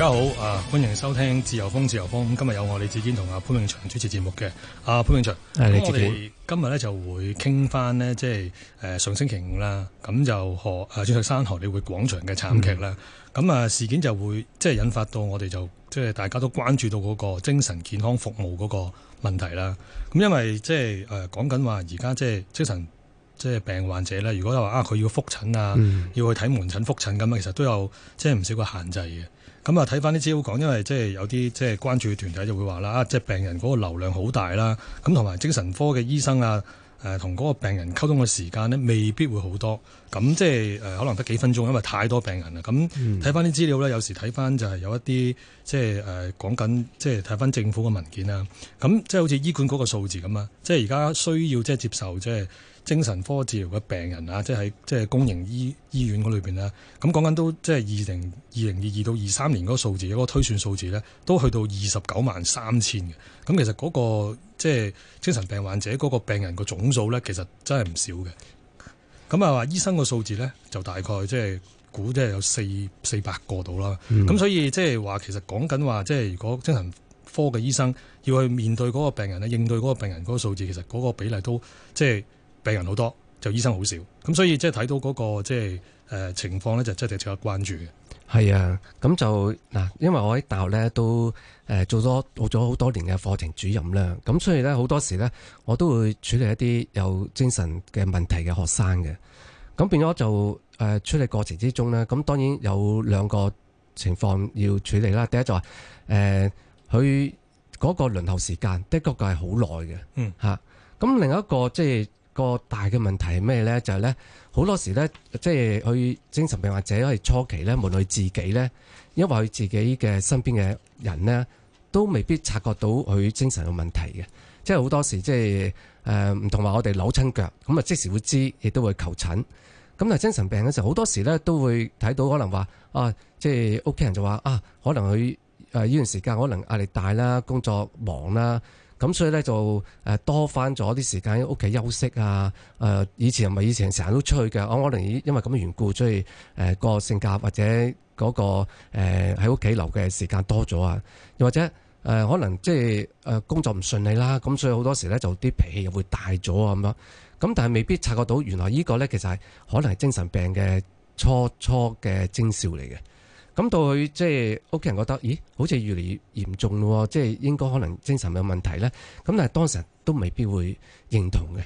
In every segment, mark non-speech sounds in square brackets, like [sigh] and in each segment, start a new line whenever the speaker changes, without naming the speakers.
大家好啊！歡迎收聽自由風自由風。今日有我李子堅同阿潘永祥主持節目嘅。阿、啊、潘永祥，我哋今日咧就會傾翻呢，即係誒上星期五啦。咁就河誒鑽石山荷里活廣場嘅慘劇啦。咁、嗯、啊事件就會即係、就是、引發到我哋就即係、就是、大家都關注到嗰個精神健康服務嗰個問題啦。咁因為即係誒講緊話而家即係精神即係、就是、病患者咧，如果話啊佢要復診啊，要去睇門診復診咁啊，嗯、其實都有即係唔少個限制嘅。咁啊，睇翻啲資料講，因為即係有啲即係關注嘅團體就會話啦，即係病人嗰個流量好大啦，咁同埋精神科嘅醫生啊，誒，同嗰個病人溝通嘅時間呢未必會好多，咁即係誒，可能得幾分鐘，因為太多病人啦。咁睇翻啲資料咧，有時睇翻就係有一啲即係誒講緊，即係睇翻政府嘅文件啦。咁即係好似醫管局個數字咁啊，即係而家需要即係接受即係精神科治療嘅病人啊，即係即係公營醫醫院嗰裏邊咧，咁講緊都即係二零二零二二到二三年嗰個數字，嗰個推算數字呢，都去到二十九萬三千嘅。咁其實嗰個即係精神病患者嗰個病人個總數呢，其實真係唔少嘅。咁啊話醫生個數字呢，就大概即係估即係有四四百個到啦。咁、嗯、所以即係話其實講緊話，即係如果精神科嘅醫生要去面對嗰個病人咧，應對嗰個病人嗰個數字，其實嗰個比例都即係。病人好多，就醫生好少，咁所以即係睇到嗰個即係誒情況咧，就真係值得關注
嘅。係啊，咁就嗱，因為我喺大學咧都誒做咗做咗好多年嘅課程主任咧，咁所以咧好多時咧，我都會處理一啲有精神嘅問題嘅學生嘅，咁變咗就誒處理過程之中咧，咁當然有兩個情況要處理啦。第一就係誒佢嗰個輪候時間的確係好耐嘅，嗯吓，咁、啊、另一個即係。個大嘅問題係咩呢？就係呢，好多時呢，即係佢精神病患者係初期咧，無論佢自己呢，因為佢自己嘅身邊嘅人呢，都未必察覺到佢精神有問題嘅。即係好多時，即係誒，唔同話我哋扭親腳咁啊，即時會知，亦都會求診。咁但係精神病嘅時候，好多時呢，都會睇到可能話啊，即係屋企人就話啊，可能佢誒呢段時間可能壓力大啦，工作忙啦。啊咁所以咧就誒多翻咗啲時間喺屋企休息啊。誒、呃、以前係咪以前成日都出去嘅，我可能因為咁嘅緣故，所以誒個、呃、性格或者嗰、嗰個喺屋企留嘅時間多咗啊。又或者誒、呃、可能即係誒工作唔順利啦，咁所以好多時咧就啲脾氣又會大咗啊。咁樣，咁但係未必察覺到原來個呢個咧其實係可能係精神病嘅初初嘅徵兆嚟嘅。咁到佢即係屋企人覺得，咦，好似越嚟越嚴重咯，即係應該可能精神有問題咧。咁但係當時人都未必會認同嘅。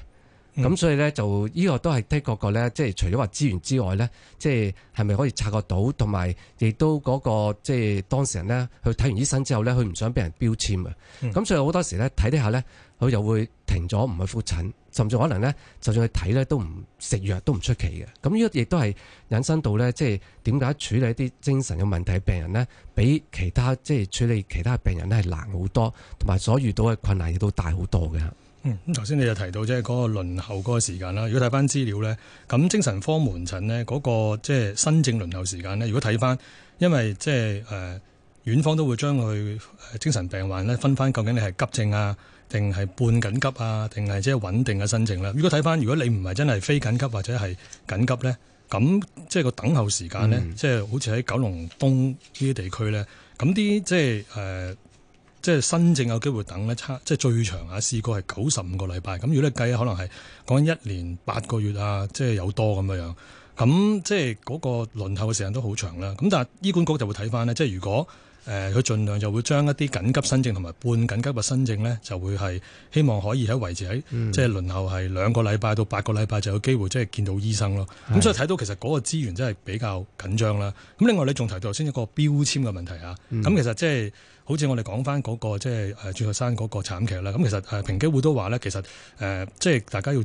咁、嗯、所以咧，就、這、呢個都係睇個個咧，即係除咗話資源之外咧，即係係咪可以察覺到，同埋亦都嗰、那個即係當事人咧，去睇完醫生之後咧，佢唔想俾人標籤啊。咁、嗯、所以好多時咧睇呢下咧，佢又會停咗唔去覆診。甚至可能咧，就算去睇咧，都唔食藥都唔出奇嘅。咁呢個亦都係引申到咧，即係點解處理啲精神嘅問題病人咧，比其他即係處理其他病人咧係難好多，同埋所遇到嘅困難亦都大好多嘅。嗯，咁
頭先你又提到即係嗰個輪候嗰個時間啦。如果睇翻資料咧，咁精神科門診咧嗰個即係新症輪候時間咧，如果睇翻，因為即係誒，院方都會將佢精神病患咧分翻，究竟你係急症啊？定係半緊急啊，定係即係穩定嘅申請咧。如果睇翻，如果你唔係真係非緊急或者係緊急咧，咁即係個等候時間咧，即係、嗯、好似喺九龍東呢啲地區咧，咁啲即係誒，即係、呃、申請有機會等咧差，即係最長啊，試過係九十五個禮拜。咁如果你計咧，可能係講一年八個月啊，即係有多咁樣樣。咁即係嗰個輪候嘅時間都好長啦。咁但係醫管局就會睇翻咧，即係如果。誒，佢盡量就會將一啲緊急新症同埋半緊急嘅新症呢，就會係希望可以喺維持喺即係輪候係兩個禮拜到八個禮拜就有機會即係見到醫生咯。咁的所以睇到其實嗰個資源真係比較緊張啦。咁另外你仲提到頭先一個標籤嘅問題啊。咁、嗯、其實即係。好似我哋講翻嗰個即係誒鑽石山嗰個慘劇啦，咁其實誒平機會都話咧，其實誒即係大家要要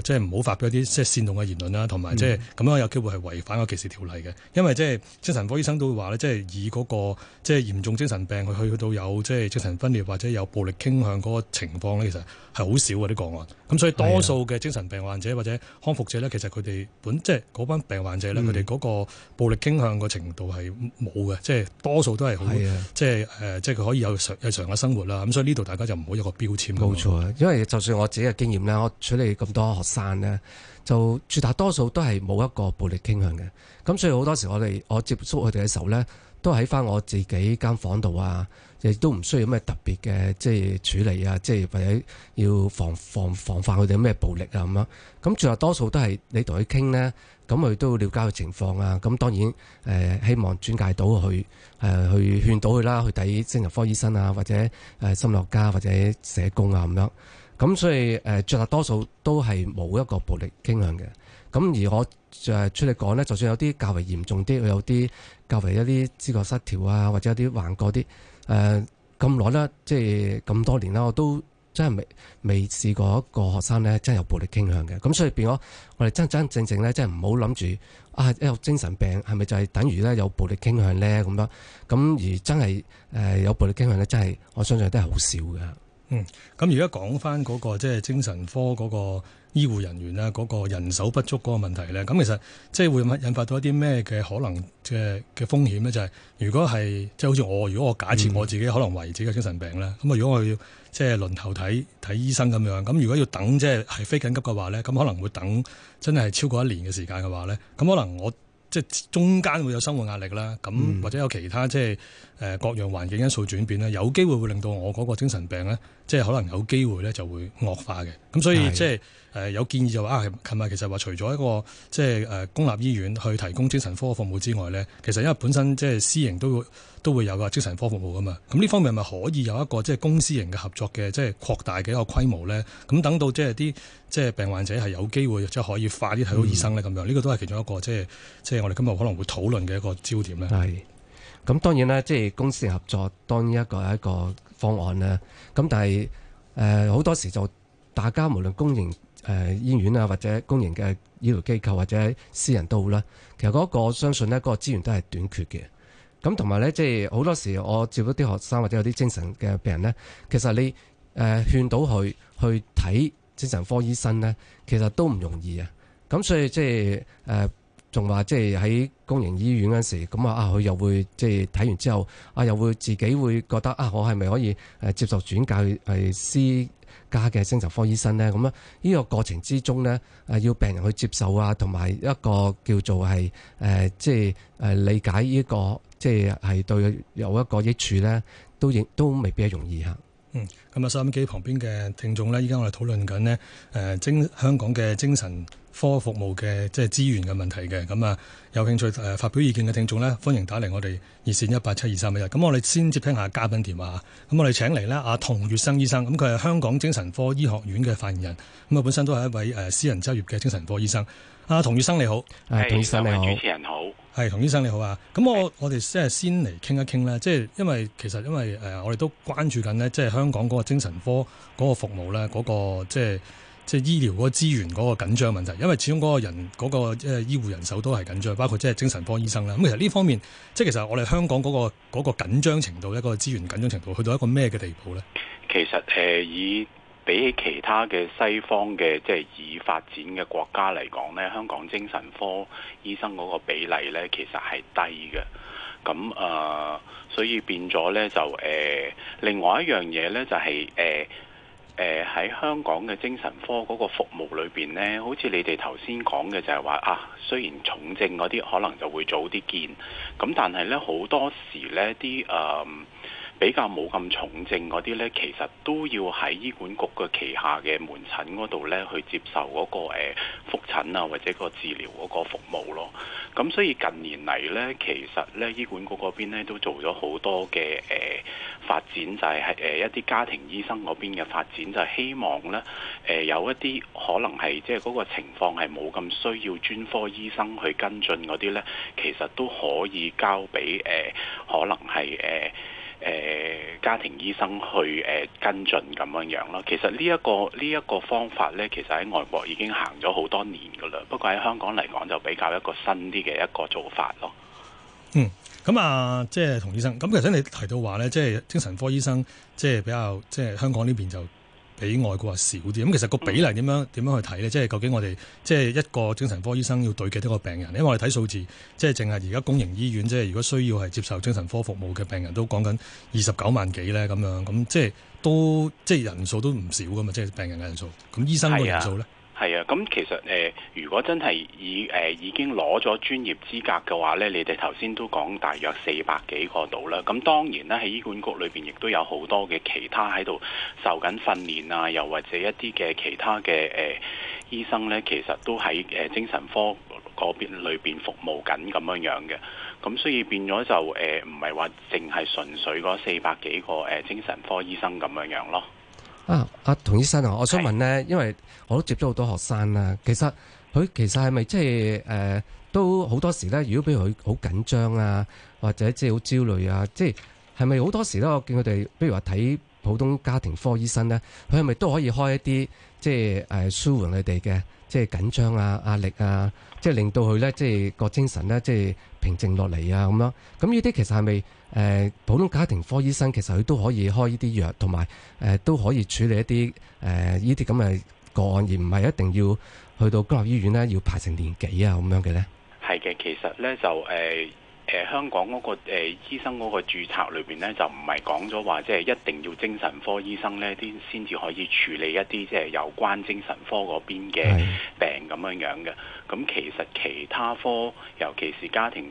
即係唔好發表一啲即係煽動嘅言論啦，同埋即係咁樣有機會係違反個歧視條例嘅。因為即係精神科醫生都會話咧，即係以嗰個即係嚴重精神病去去到有即係精神分裂或者有暴力傾向嗰個情況咧，其實係好少嘅啲個案。咁所以多數嘅精神病患者或者康復者咧，其實佢哋本即係嗰班病患者咧，佢哋嗰個暴力傾向個程度係冇嘅，即係、嗯、多數都係好即係。誒，即係佢可以有
日常嘅生活啦，咁所以呢度大家就唔好一個標籤啦。冇錯，因為就算我自己嘅經驗咧，我處理咁多學生咧，就絕大多數都係冇一個暴力傾向嘅。咁所以好多時我哋我接觸佢哋嘅時候咧，都喺翻我自己間房度啊，亦都唔需要咩特別嘅，即係處理啊，即係或者要防防防範佢哋咩暴力啊咁樣。咁絕大多數都係你同佢傾咧。咁佢都了解佢情況啊。咁當然誒，希望轉介到佢誒、呃，去勸到佢啦，去睇精神科醫生啊，或者誒心理學家或者社工啊咁樣。咁、嗯、所以誒，絕、呃、大多數都係冇一個暴力傾向嘅。咁、嗯、而我誒出嚟講咧，就算有啲較為嚴重啲，有啲較為一啲知覺失調啊，或者有啲幻覺啲誒，咁耐啦，即係咁多年啦，我都。真係未未試過一個學生咧，真係有暴力傾向嘅。咁所以變咗，我哋真真正正咧，真係唔好諗住啊！有精神病係咪就係等於咧有暴力傾向咧？咁樣咁而真係誒有暴力傾向咧，真係我相信都係好少嘅。嗯，
咁而家講返嗰個即係精神科嗰個醫護人員啦，嗰、那個人手不足嗰個問題咧，咁其實即係會引發到一啲咩嘅可能嘅嘅風險咧？就係、係、如果係即係好似我，如果我假設我自己可能為自己嘅精神病咧，咁啊如果我要。即係輪候睇睇醫生咁樣，咁如果要等即係係非緊急嘅話咧，咁可能會等真係超過一年嘅時間嘅話咧，咁可能我即係中間會有生活壓力啦，咁或者有其他即係。誒各樣環境因素轉變咧，有機會會令到我嗰個精神病咧，即係可能有機會咧就會惡化嘅。咁所以即係誒有建議就話啊，近排其實話除咗一個即係誒公立醫院去提供精神科服務之外咧，其實因為本身即係私營都會都會有個精神科服務噶嘛。咁呢方面咪可以有一個即係公私營嘅合作嘅，即係擴大嘅一個規模咧。咁等到即係啲即係病患者係有機會即係可以快啲睇到醫生咧，咁樣呢個都係其中一個即係即係我哋今日可能
會討論嘅一個焦點咧。係。咁當然啦，即係公私合作當一個一個方案啦。咁但係誒好多時就大家無論公營誒、呃、醫院啊，或者公營嘅醫療機構，或者私人都好啦。其實嗰、我相信呢嗰個資源都係短缺嘅。咁同埋呢，即係好多時我接嗰啲學生或者有啲精神嘅病人呢，其實你誒、呃、勸到佢去睇精神科醫生呢，其實都唔容易啊。咁所以即係誒。呃仲話即係喺公營醫院嗰陣時，咁啊啊，佢又會即係睇完之後，啊又會自己會覺得啊，我係咪可以誒接受轉介去誒私家嘅星神科醫生咧？咁、嗯、啊，呢、這個過程之中咧，誒要病人去接受啊，同埋一個叫做係誒、呃、即係誒、呃、理解呢、這、一個即係係對有一個益處咧，都影都未必容易嚇、啊。嗯，
咁啊，收音機旁邊嘅聽眾咧，依家我哋討論緊呢誒精香港嘅精神科服務嘅即係資源嘅問題嘅，咁、嗯、啊有興趣誒、呃、發表意見嘅聽眾呢，歡迎打嚟我哋熱線一八七二三一一。咁、嗯、我哋先接聽下嘉賓電話。咁、嗯、我哋請嚟咧阿童粵生醫生，咁佢係香港精神科醫學院嘅發言人，咁、嗯、啊本身都係一位誒、呃、私人執業嘅精神科醫生。阿、啊、童粵生你好，係、hey,，主持人好，係、hey,，童醫生你好啊。咁 Hey.、嗯、我我哋即係先嚟傾一傾咧，即係因為其實因為誒、呃、我哋都關注緊呢，即係香港嗰個精神科嗰個服務咧，嗰、那個、那個、即係。即係醫療嗰個資源嗰個緊張問題，因為始終嗰個人嗰個即係醫護人手都係緊張，包括即係精神科醫生啦。咁其實呢方面，即係其實我哋香港嗰個嗰個緊張程度，一個資源緊張程度，去到一個咩嘅地步咧？
其實誒，以、呃、比起其他嘅西方嘅即係已發展嘅國家嚟講咧，香港精神科醫生嗰個比例咧，其實係低嘅。咁誒、呃，所以變咗咧就誒、呃，另外一樣嘢咧就係、是、誒。呃喺、呃、香港嘅精神科嗰個服務裏邊呢，好似你哋頭先講嘅就係話啊，雖然重症嗰啲可能就會早啲見，咁但係呢，好多時呢啲誒。比較冇咁重症嗰啲呢，其實都要喺醫管局嘅旗下嘅門診嗰度呢，去接受嗰、那個誒覆、呃、診啊，或者個治療嗰個服務咯。咁所以近年嚟呢，其實呢，醫管局嗰邊呢都做咗好多嘅誒、呃、發展，就係係誒一啲家庭醫生嗰邊嘅發展，就係、是、希望呢誒、呃、有一啲可能係即係嗰個情況係冇咁需要專科醫生去跟進嗰啲呢，其實都可以交俾誒、呃、可能係誒。呃誒、呃、家庭醫生去誒、呃、跟進咁樣這樣咯，其實呢、這、一個呢一、這個方法咧，其實喺外國已經行咗好多年噶啦，不過喺香港嚟講就比較一個新啲嘅一個做法咯。嗯，
咁、嗯、啊，即係童醫生，咁、嗯、其實你提到話咧，即、就、係、是、精神科醫生，即、就、係、是、比較即係、就是、香港呢邊就，比外國話少啲，咁其實個比例點樣點樣去睇呢？即係究竟我哋即係一個精神科醫生要對幾多個病人？因為我哋睇數字，即係淨係而家公營醫院，即係如果需要係接受精神科服務嘅病人，都講緊二十九萬幾呢。咁樣，咁即係都即係人數都唔少噶嘛，即係病人嘅人數。咁醫生個人數呢？
係啊，咁其實誒、呃，如果真係以誒、呃、已經攞咗專業資格嘅話咧，你哋頭先都講大約四百幾個度啦。咁當然啦，喺醫管局裏邊亦都有好多嘅其他喺度受緊訓練啊，又或者一啲嘅其他嘅誒、呃、醫生咧，其實都喺誒精神科嗰邊裏邊服務緊咁樣樣嘅。咁所以變咗就誒，唔係話淨係純粹嗰四百幾個誒、呃、精神科醫生咁樣樣咯。
啊！阿童醫生啊，我想問咧，因為我都接咗好多學生啦、啊，其實佢其實係咪即係誒，都好多時咧，如果比如佢好緊張啊，或者即係好焦慮啊，即係係咪好多時咧，我見佢哋，比如話睇普通家庭科醫生咧、啊，佢係咪都可以開一啲即係誒舒緩佢哋嘅即係緊張啊壓力啊，即係令到佢咧即係個精神咧即係。就是平靜落嚟啊，咁樣咁，呢啲其實係咪，誒，普通家庭科醫生其實佢都可以開呢啲藥，同埋誒，都可以處理一啲誒，呢啲咁嘅個案，而唔係一定要去到公立醫院咧、啊、要排成年幾啊咁樣嘅咧？
係嘅，其實咧就誒。呃誒、呃、香港嗰、那個誒、呃、醫生嗰個註冊裏邊咧，就唔係講咗話，即係一定要精神科醫生咧，先至可以處理一啲即係有關精神科嗰邊嘅病咁樣樣嘅。咁其實其他科，尤其是家庭誒、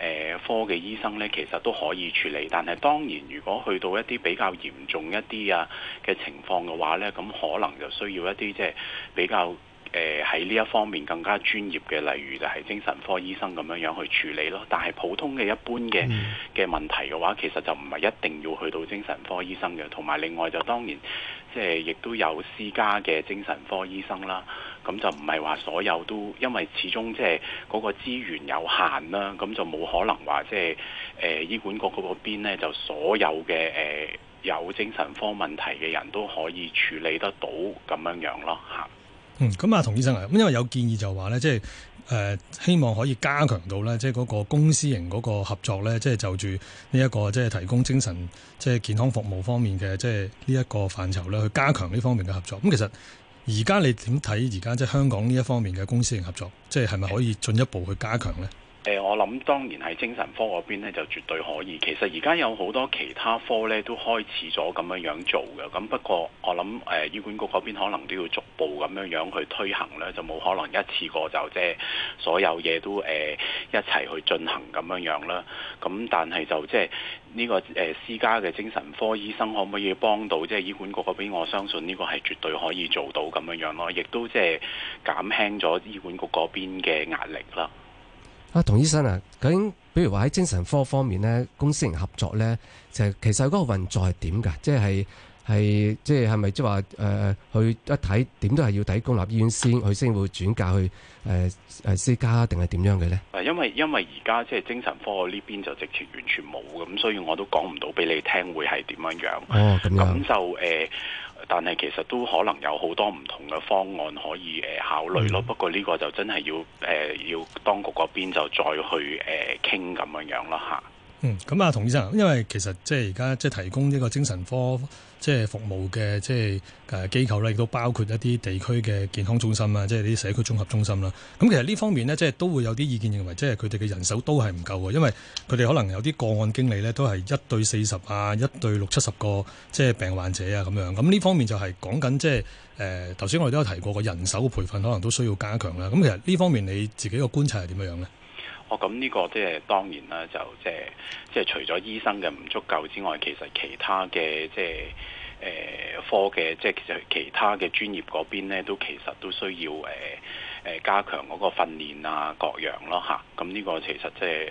呃、科嘅醫生咧，其實都可以處理。但係當然，如果去到一啲比較嚴重一啲啊嘅情況嘅話咧，咁可能就需要一啲即係比較。誒喺呢一方面更加專業嘅，例如就係精神科醫生咁樣樣去處理咯。但係普通嘅一般嘅嘅問題嘅話，其實就唔係一定要去到精神科醫生嘅。同埋另外就當然即係亦都有私家嘅精神科醫生啦。咁就唔係話所有都因為始終即係嗰個資源有限啦，咁就冇可能話即係誒醫管局嗰邊呢就所有嘅誒、呃、有精神科問題嘅人都可以處理得到咁樣樣咯，嚇。
嗯，咁啊，童醫生啊，咁因為有建議就話咧，即係誒希望可以加強到咧，即係嗰個公私營嗰個合作咧，即係就住呢一個即係提供精神即係健康服務方面嘅即係呢一個範疇咧，去加強呢方面嘅合作。咁其實而家你點睇而家即係香港呢一方面嘅公私營合作，即係係咪可以進一步去加強咧？
誒、呃，我諗當然係精神科嗰邊咧，就絕對可以。其實而家有好多其他科咧，都開始咗咁樣樣做嘅。咁不過我諗誒、呃，醫管局嗰邊可能都要逐步咁樣樣去推行咧，就冇可能一次過就即係所有嘢都誒、呃、一齊去進行咁樣樣啦。咁但係就即係呢個誒、呃、私家嘅精神科醫生可唔可以幫到？即係醫管局嗰邊，我相信呢個係絕對可以做到咁樣樣咯。亦都即係減輕咗醫管局嗰邊嘅壓力啦。
啊，童醫生啊，究竟比如話喺精神科方面咧，公私營合作咧，就其實嗰個運作係點嘅？即係係即係係咪即係話誒去一睇點都係要睇公立醫院先，佢先會轉嫁去誒誒、呃、私家定係點樣嘅咧？
啊，因為因為而家即係精神科呢邊就直情完全冇咁，所以我都講唔到俾你聽會係點樣樣。哦，咁樣咁就誒。呃但係其實都可能有好多唔同嘅方案可以誒考慮咯。嗯、不過呢個就真係要誒、呃、要當局嗰邊就再去誒傾咁樣樣咯吓，嗯，
咁啊，童醫生，因為其實即係而家即係提供呢個精神科。即係服務嘅即係誒機構咧，亦都包括一啲地區嘅健康中心啊，即係啲社區綜合中心啦。咁其實呢方面呢，即係都會有啲意見認為，即係佢哋嘅人手都係唔夠嘅，因為佢哋可能有啲個案經理呢，都係一對四十啊，一對六七十個即係病患者啊咁樣。咁呢方面就係講緊即係誒頭先我哋都有提過，個人手嘅培訓可能都需要加強啦。咁其實呢方面你自己個觀察係點樣樣咧？
我咁呢個即、就、係、是、當然啦，就即係即係除咗醫生嘅唔足夠之外，其實其他嘅、呃、即係誒科嘅即係其實其他嘅專業嗰邊咧，都其實都需要誒誒、呃、加強嗰個訓練啊各樣咯吓，咁呢個其實即係誒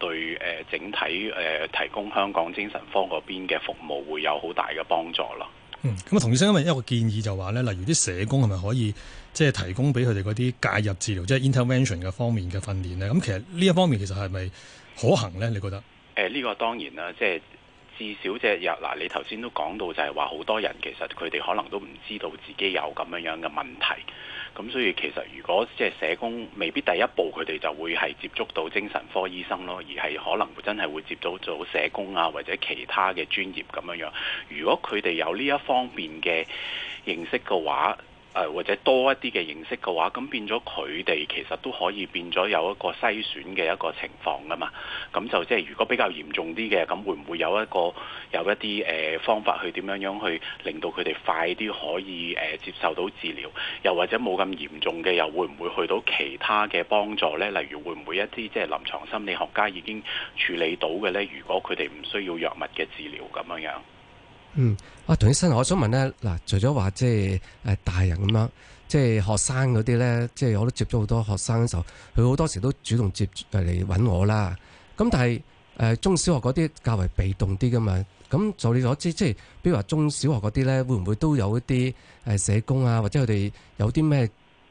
對誒整體誒、呃、提供香港精神科嗰邊嘅服務會有好大嘅幫助咯。嗯，
咁啊，童醫生因為一個建議就話咧，例如啲社工係咪可以？即係提供俾佢哋嗰啲介入治療，即係 intervention 嘅方面嘅訓練咧。咁其實呢一方面其實係咪可行呢？你覺得？
誒呢個當然啦，即係至少即係嗱，你頭先都講到就係話好多人其實佢哋可能都唔知道自己有咁樣樣嘅問題。咁所以其實如果即係社工未必第一步佢哋就會係接觸到精神科醫生咯，而係可能會真係會接觸到社工啊或者其他嘅專業咁樣樣。如果佢哋有呢一方面嘅認識嘅話，誒或者多一啲嘅形式嘅話，咁變咗佢哋其實都可以變咗有一個篩選嘅一個情況啊嘛。咁就即係如果比較嚴重啲嘅，咁會唔會有一個有一啲誒、呃、方法去點樣樣去令到佢哋快啲可以誒、呃、接受到治療，又或者冇咁嚴重嘅，又會唔會去到其他嘅幫助咧？例如會唔會一啲即係臨牀心理學家已經處理到嘅咧？如果佢哋唔需要藥物嘅治療咁樣樣。
嗯，啊，童醫生，我想問咧，嗱，除咗話即係誒大人咁樣，即係學生嗰啲咧，即係我都接咗好多學生嘅時候，佢好多時都主動接嚟揾我啦。咁但係誒中小學嗰啲較為被動啲噶嘛。咁就你所知，即係，比如話中小學嗰啲咧，會唔會都有一啲誒社工啊，或者佢哋有啲咩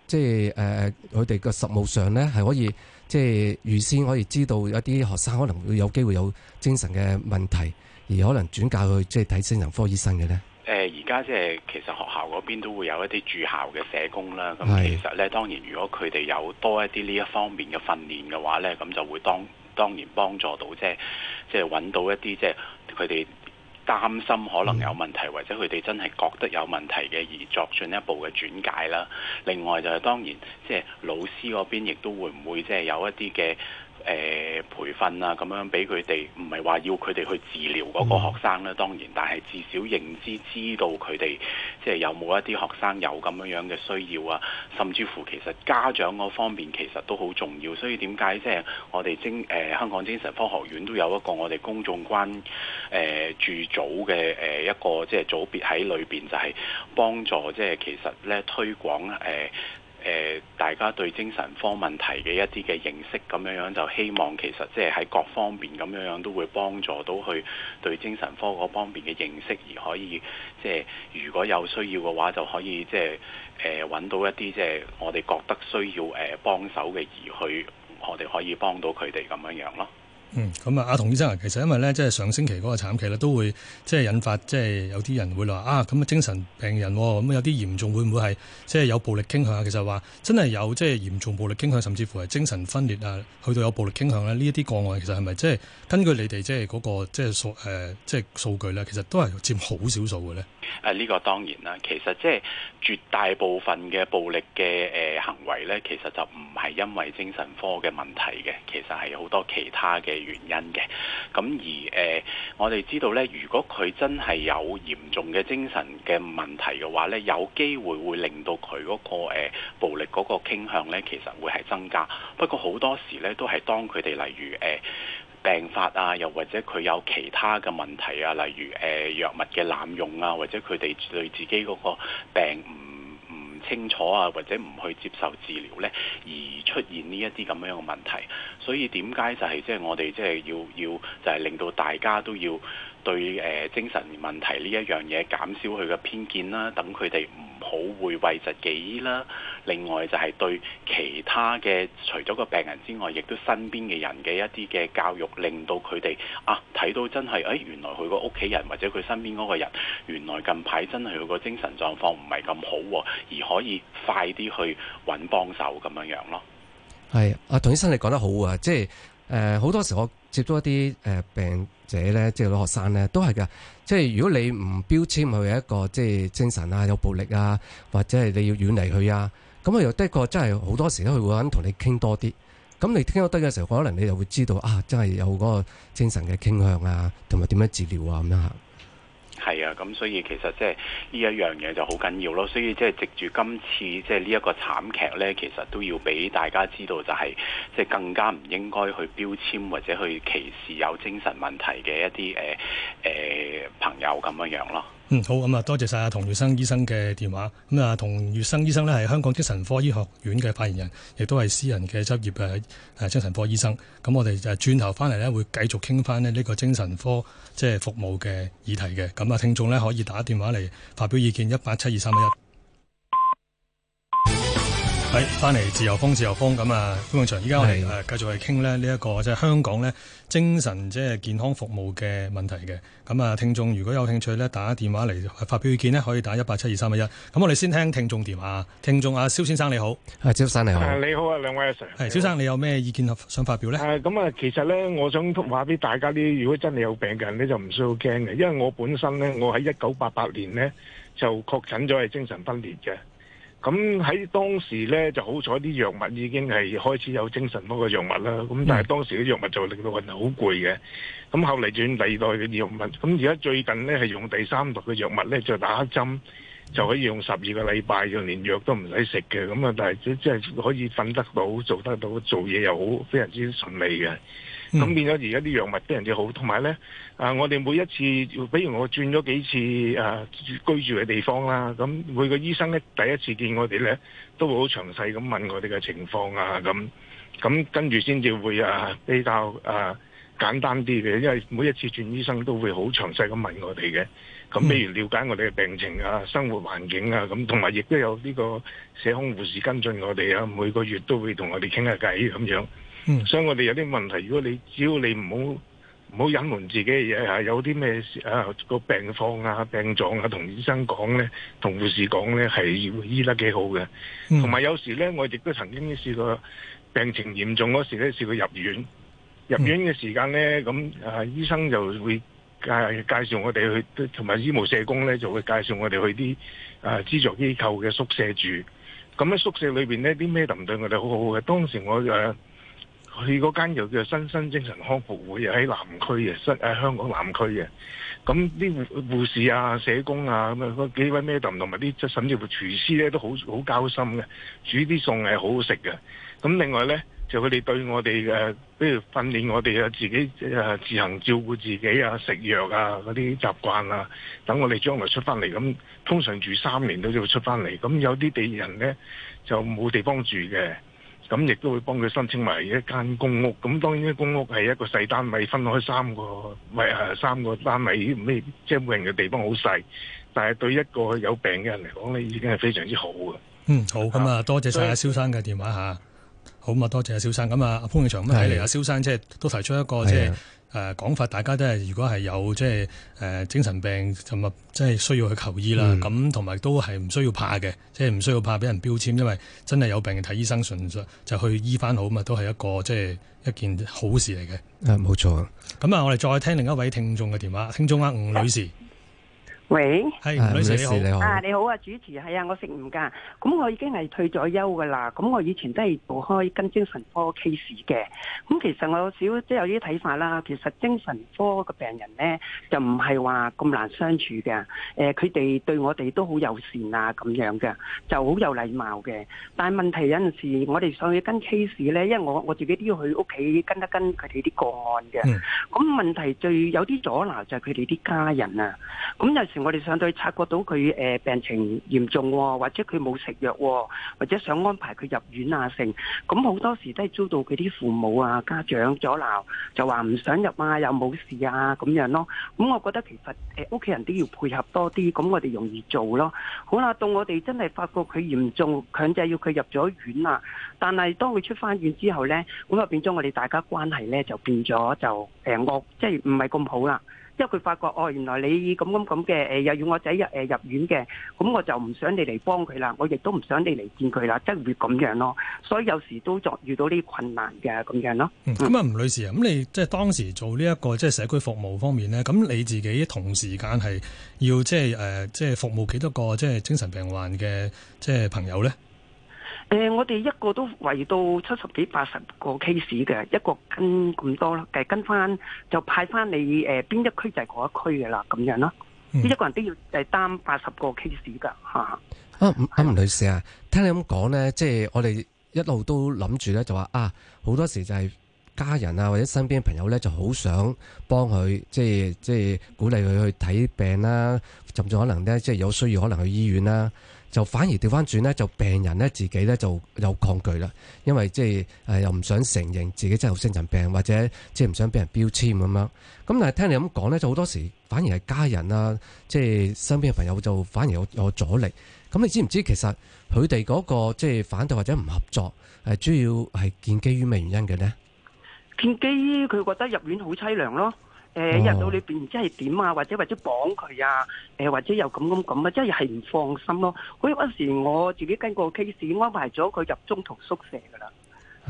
即係誒誒佢哋嘅實務上咧，係可以即係預先可以知道一啲學生可能會有機會有精神嘅問題？而可能轉介去即係睇精神科醫生嘅咧？
誒、呃，而家即係其實學校嗰邊都會有一啲住校嘅社工啦。咁是其實咧，當然如果佢哋有多一啲呢一方面嘅訓練嘅話咧，咁就會當當然幫助到即係即係揾到一啲即係佢哋擔心可能有問題，嗯、或者佢哋真係覺得有問題嘅而作進一步嘅轉介啦。另外就係、是、當然即係、就是、老師嗰邊亦都會唔會即係、就是、有一啲嘅。誒、呃、培訓啊，咁樣俾佢哋，唔係話要佢哋去治療嗰個學生咧、啊。當然，但係至少認知知道佢哋即係有冇一啲學生有咁樣樣嘅需要啊。甚至乎其實家長嗰方面其實都好重要。所以點解即係我哋精誒、呃、香港精神科學院都有一個我哋公眾關誒注、呃、組嘅誒一個,、呃、一個即係組別喺裏邊，就係、是、幫助即係其實咧推廣誒。呃誒、呃，大家對精神科問題嘅一啲嘅認識咁樣樣，就希望其實即係喺各方面咁樣樣都會幫助到去對精神科嗰方面嘅認識，而可以即係如果有需要嘅話，就可以即係誒揾到一啲即係我哋覺得需要誒幫手嘅而去，我哋可以幫到佢哋咁樣樣咯。
嗯，咁啊，阿童醫生啊，其實因為咧，即係上星期嗰個慘劇咧，都會即係引發，即係有啲人會話啊，咁啊精神病人，咁有啲嚴重會唔會係即係有暴力傾向啊？其實話真係有即係嚴重暴力傾向，甚至乎係精神分裂啊，去到有暴力傾向咧，呢一啲個案其實係咪即係根據你哋即係嗰個即係數誒即係數據咧、啊這個，其實都係佔好少數嘅咧？
誒，呢個當然啦，其實即係絕大部分嘅暴力嘅誒行為咧，其實就唔係因為精神科嘅問題嘅，其實係好多其他嘅。原因嘅，咁、嗯、而誒、呃、我哋知道咧，如果佢真係有嚴重嘅精神嘅問題嘅話咧，有機會會令到佢嗰、嗰個誒、呃、暴力嗰個傾向咧，其實會係增加。不過好多時咧，都係當佢哋例如誒、呃、病發啊，又或者佢有其他嘅問題啊，例如誒藥、呃、物嘅濫用啊，或者佢哋對自己嗰個病清楚啊，或者唔去接受治療咧，而出現呢一啲咁樣嘅問題。所以點解就係即係我哋，即係要要就係令到大家都要。對，誒精神問題呢一樣嘢減少佢嘅偏見啦，等佢哋唔好會諱疾忌醫啦。另外就係對其他嘅除咗個病人之外，亦都身邊嘅人嘅一啲嘅教育，令到佢哋啊睇到真係誒、哎、原來佢個屋企人或者佢身邊嗰個人，原來近排真係佢個精神狀況唔係咁好，而可以快啲去揾幫手咁樣樣咯。
係啊，童醫生你講得好啊，即係誒好多時我接觸一啲誒、呃、病。者咧，即係老學生咧，都係噶。即係如果你唔標籤佢係一個即係精神啊，有暴力啊，或者係你要遠離佢啊，咁佢又的確真係好多時咧，佢會肯同你傾多啲。咁你傾得嘅時候，可能你又會知道啊，真係有嗰個精神嘅傾向啊，同埋點樣治療啊咁樣。
係啊，咁所以其實即係呢一樣嘢就好緊要咯。所以即係藉住今次即係呢一個慘劇呢，其實都要俾大家知道，就係，就係即係更加唔應該去標籤或者去歧視有精神問題嘅一啲誒誒朋友
咁樣樣咯。嗯，好，咁啊，多謝晒阿童粵生醫生嘅電話。咁啊，童粵生醫生咧，係香港精神科醫學院嘅發言人，亦都係私人嘅執業嘅誒精神科醫生。咁我哋就轉頭翻嚟咧，會繼續傾翻咧呢個精神科即係服務嘅議題嘅。咁啊，聽眾咧可以打電話嚟發表意見，一八七二三一一。翻嚟、哎、自由風，自由風。咁啊，潘永祥，依家我哋誒繼續去傾咧呢一個即係、就是、香港咧精神即係健康服務嘅問題嘅。咁啊，聽眾如果有興趣咧，打電話嚟發表意見咧，可以打一八七二三一一。咁我哋先聽聽眾電話。聽眾阿蕭先生你好，阿蕭先生你好，你
好啊，兩位阿 Sir。
係，蕭生，你有咩意見想發表
咧？誒，咁啊，其實咧，我想話俾大家啲，如果真係有病嘅人咧，你就唔需要驚嘅，因為我本身咧，我喺一九八八年咧就確診咗係精神分裂嘅。咁喺當時咧，就好彩啲藥物已經係開始有精神科嘅藥物啦。咁但係當時嘅藥物就令到人好攰嘅。咁後嚟轉第二代嘅藥物，咁而家最近咧係用第三代嘅藥物咧，就打一針就可以用十二個禮拜就連藥都唔使食嘅。咁啊，但係即係可以瞓得到、做得到、做嘢又好非常之順利嘅。咁、嗯、變咗而家啲藥物比人哋好，同埋咧啊，我哋每一次，比如我轉咗幾次啊居住嘅地方啦，咁、啊、每個醫生咧第一次見我哋咧，都會好詳細咁問我哋嘅情況啊，咁、啊、咁跟住先至會啊比較啊簡單啲嘅，因為每一次轉醫生都會好詳細咁問我哋嘅，咁、啊、譬、啊、如了解我哋嘅病情啊、生活環境啊，咁同埋亦都有呢個社康護士跟進我哋啊，每個月都會同我哋傾下偈咁樣。嗯、所以我哋有啲問題，如果你只要你唔好唔好隱瞞自己嘅嘢，有啲咩啊個病況啊病狀啊，同醫生講咧，同護士講咧，係醫得幾好嘅。同埋、嗯、有，有時咧，我亦都曾經試過病情嚴重嗰時咧，試過入院。入院嘅時間咧，咁啊醫生就會介介紹我哋去，同埋醫務社工咧就會介紹我哋去啲啊資助機構嘅宿舍住。咁、嗯、喺宿舍裏邊呢，啲咩都唔對我哋好好嘅。當時我誒。啊去嗰間又叫新生精神康復會，喺南區嘅，新喺香港南區嘅。咁啲護士啊、社工啊、咁啊、幾位咩？同埋啲，甚至乎廚師咧都好好交心嘅，煮啲餸係好好食嘅。咁另外咧，就佢哋對我哋誒，比如訓練我哋啊，自己誒自行照顧自己啊、食藥啊嗰啲習慣啊，等我哋將來出翻嚟咁，通常住三年都要出翻嚟。咁有啲地人咧就冇地方住嘅。咁亦都會幫佢申請埋一間公屋，咁當然啲公屋係一個細單位，分開三個，咪誒三個單位，咩即係每人嘅地方好細，但係對一個有病嘅人嚟講咧，已經係非常之好嘅。嗯，
好咁啊，多謝晒阿蕭生嘅電話嚇。好嘛，多謝阿蕭生。咁啊，潘永祥咁睇嚟阿蕭生即係都提出一個即係。誒、呃、講法大家都係，如果係有即係誒精神病同埋即係需要去求醫啦，咁同埋都係唔需要怕嘅，即係唔需要怕俾人標籤，因為真係有病嘅睇醫生，純粹就去醫翻好嘛，都係一個即係、就是、一件好事嚟嘅。冇、啊、錯，咁啊，我哋再聽另一位聽眾嘅電話，聽眾啊，吳女士。啊喂，係女士你
好，啊你好啊主持。係啊，我姓吳㗎，咁、嗯、我已經係退咗休噶啦，咁、嗯、我以前都係做開跟精神科 case 嘅，咁、嗯、其實我有少即係有啲睇法啦，其實精神科嘅病人咧就唔係話咁難相處嘅，誒佢哋對我哋都好友善啊咁樣嘅，就好有禮貌嘅，但係問題有陣時我哋上去跟 case 咧，因為我我自己都要去屋企跟一跟佢哋啲個案嘅，咁問題最有啲阻撓就係佢哋啲家人啊，咁又、嗯。我哋上去察覺到佢誒病情嚴重、哦，或者佢冇食藥、哦，或者想安排佢入院啊，成咁好多時都係遭到佢啲父母啊、家長阻撓，就話唔想入啊，又冇事啊咁樣咯。咁我覺得其實誒屋企人都要配合多啲，咁我哋容易做咯。好啦，到我哋真係發覺佢嚴重，強制要佢入咗院啦。但係當佢出翻院之後咧，咁就變咗我哋大家關係咧就變咗就誒、呃、惡，即係唔係咁好啦。因為佢發覺哦，原來你咁咁咁嘅，誒、呃、又要我仔誒入、呃、入院嘅，咁、嗯、我就唔想你嚟幫佢啦，我亦都唔想你嚟見佢啦，即係會咁樣咯。所以有時都作遇到啲困難嘅咁樣咯。
嗯，咁啊、嗯，吳女士啊，咁你即係當時做呢一個即係社區服務方面咧，咁你自己同時間係要即係誒即係服務幾多個即係精神病患嘅即係朋友咧？
誒、呃，我哋一個都圍到七十幾、八十個 case 嘅，一個跟咁多咯，誒，跟翻就派翻你誒，邊、呃、一區就係嗰一區嘅啦，咁樣咯。一個人都要誒擔八十個 case 噶吓。
阿阿吳女士啊，啊，啊，啊，啊，聽你咁講咧，即係我哋一路都諗住咧，就話、是、啊，好多時就係家人啊，或者身邊嘅朋友咧，就好想幫佢，即係即係鼓勵佢去睇病啦、啊，甚至可能咧，即、就、係、是、有需要，可能去醫院啦、啊。就反而調翻轉咧，就病人咧自己咧就有抗拒啦，因為即係誒又唔想承認自己真係有精神病，或者即係唔想俾人標籤咁樣。咁但係聽你咁講咧，就好多時反而係家人啊，即係身邊嘅朋友就反而有有阻力。咁你知唔知其實佢哋嗰個即係反對或者唔合作，係，呃，主要係建基於咩原因嘅呢？
建基於，佢覺得入院好凄涼咯。誒入、哦、到裏邊即係係點啊，或者或者綁佢啊，誒或者又咁咁咁啊，即係又係唔放心咯。嗰陣時我自己經過 case 已經安排咗佢入中途宿舍噶啦，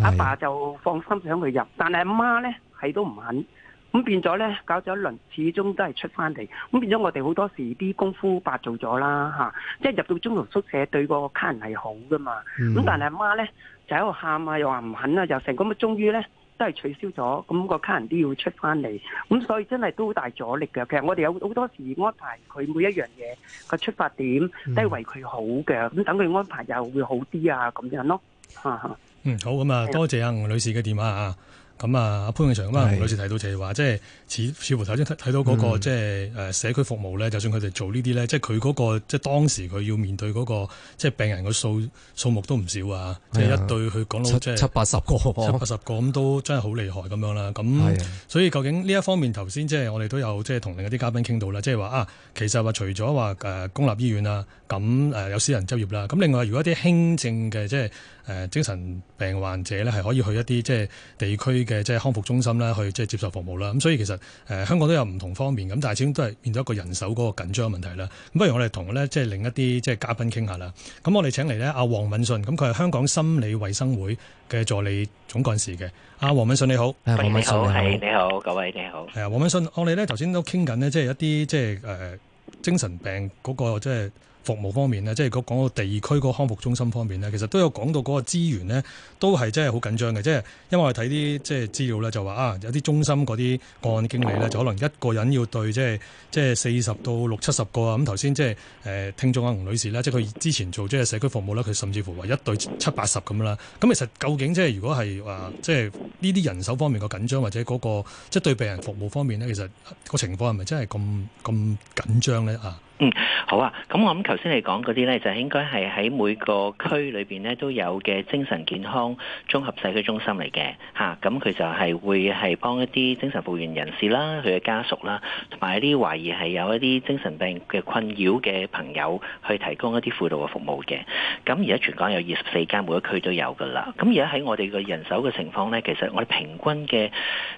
阿是 爸，爸就放心想佢入，但係阿媽咧係都唔肯，咁變咗咧搞咗一輪，始終都係出翻嚟。咁變咗我哋好多時啲功夫白做咗啦嚇，即係入到中途宿舍對個客人係好噶嘛。咁、嗯、但係阿媽咧就喺度喊啊，又話唔肯啊，又成咁，終於咧。都係取消咗，咁、那個卡人都要出翻嚟，咁所以真係都好大阻力嘅。其實我哋有好多時安排佢每一樣嘢，個出發點都，都係為佢好嘅，咁等佢安排又會好啲啊，咁樣咯。吓， [laughs] 嗯，
好，咁啊， [laughs] 多謝啊吳女士嘅電話啊。咁啊，潘永祥咁啊，胡女士提是的 到就係話，即係似似乎頭先睇到嗰個即係誒社區服務咧，嗯、就算佢哋做呢啲咧，即係佢嗰個即係當時佢要面對嗰個即係病人個數數目都唔少啊，即係、哎、呀一對佢講到即、就、係、是、七,七八十個，七八十個咁、啊、都真係好厲害咁樣啦。咁是的 所以究竟呢一方面頭先即係我哋都有即係同另一啲嘉賓傾到啦，即係話啊，其實話除咗話誒公立醫院啊，咁誒有私人執業啦，咁另外如果一啲輕症嘅即係。誒、呃、精神病患者咧係可以去一啲即係地區嘅即係康復中心啦，去即係接受服務啦。咁所以其實誒、呃、香港都有唔同方面咁，但係始終都係變咗一個人手嗰個緊張問題啦。咁不如我哋同咧即係另一啲即係嘉賓傾下啦。咁我哋請嚟咧阿黃敏信，咁佢係香港心理衞生會嘅助理總幹事嘅。阿黃敏信你好，黃敏信你好，各位
你好，係啊
黃敏信。我哋咧頭先都傾緊呢，即係一啲即係誒精神病嗰個即係。服務方面呢，即係講到地區嗰個康復中心方面呢，其實都有講到嗰個資源呢，都係真係好緊張嘅。即係因為我哋睇啲即係資料咧，就話啊，有啲中心嗰啲個案經理咧，就可能一個人要對即係即係四十到六七十個啊。咁頭先即係誒聽眾阿吳女士咧，即係佢之前做即係社區服務咧，佢甚至乎話一對七八十咁啦。咁其實究竟即係如果係話、啊、即係呢啲人手方面個緊張，或者嗰、嗰個即係對病人服務方面呢，其實個情況係咪真係咁咁緊張咧啊？
嗯，好啊，咁我諗頭先你講嗰啲呢，就是、應該係喺每個區裏邊咧都有嘅精神健康綜合社區中心嚟嘅，吓、啊，咁佢就係會係幫一啲精神復原人士啦，佢嘅家屬啦，同埋一啲懷疑係有一啲精神病嘅困擾嘅朋友，去提供一啲輔導嘅服務嘅。咁而家全港有二十四間，每一區都有噶啦。咁而家喺我哋嘅人手嘅情況呢，其實我哋平均嘅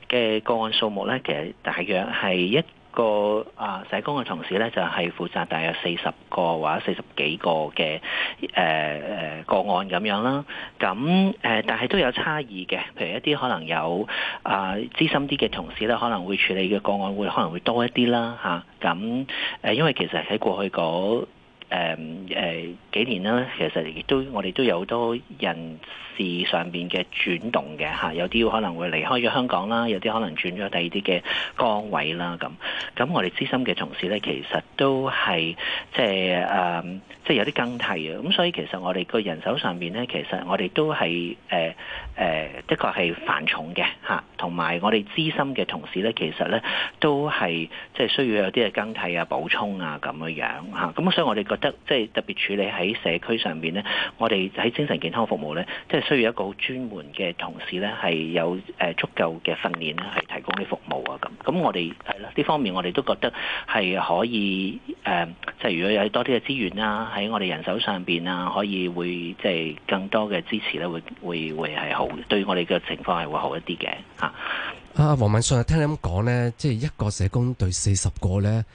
嘅個案數目呢，其實大約係一。個啊社工嘅同事咧，就係、是、負責大約四十個或者四十幾個嘅誒誒個案咁樣啦。咁誒、呃，但係都有差異嘅，譬如一啲可能有啊、呃、資深啲嘅同事咧，可能會處理嘅個案會可能會多一啲啦嚇。咁、啊、誒、呃，因為其實喺過去嗰誒誒、嗯嗯、幾年啦，其實亦都我哋都有好多人事上邊嘅轉動嘅嚇，有啲可能會離開咗香港啦，有啲可能轉咗第二啲嘅崗位啦咁。咁我哋資深嘅同事咧，其實都係即係誒，即係、嗯、有啲更替嘅。咁所以其實我哋個人手上邊咧，其實我哋都係誒誒，的確係繁重嘅嚇。同埋我哋資深嘅同事咧，其實咧都係即係需要有啲嘅更替啊、補充啊咁嘅樣嚇。咁、啊、所以我哋、個得即係特別處理喺社區上邊咧，我哋喺精神健康服務呢即係需要一個好專門嘅同事呢係有誒足夠嘅訓練咧，係提供啲服務啊咁。咁我哋係啦，呢方面我哋都覺得係可以誒、呃，即係如果有多啲嘅資源啦，喺我哋人手上邊啊，可以會即係更多嘅支持咧，會會會係好嘅，對我哋嘅情況係會好一啲嘅吓。
阿黃敏信，聽你咁講呢，即係一個社工對四十個呢，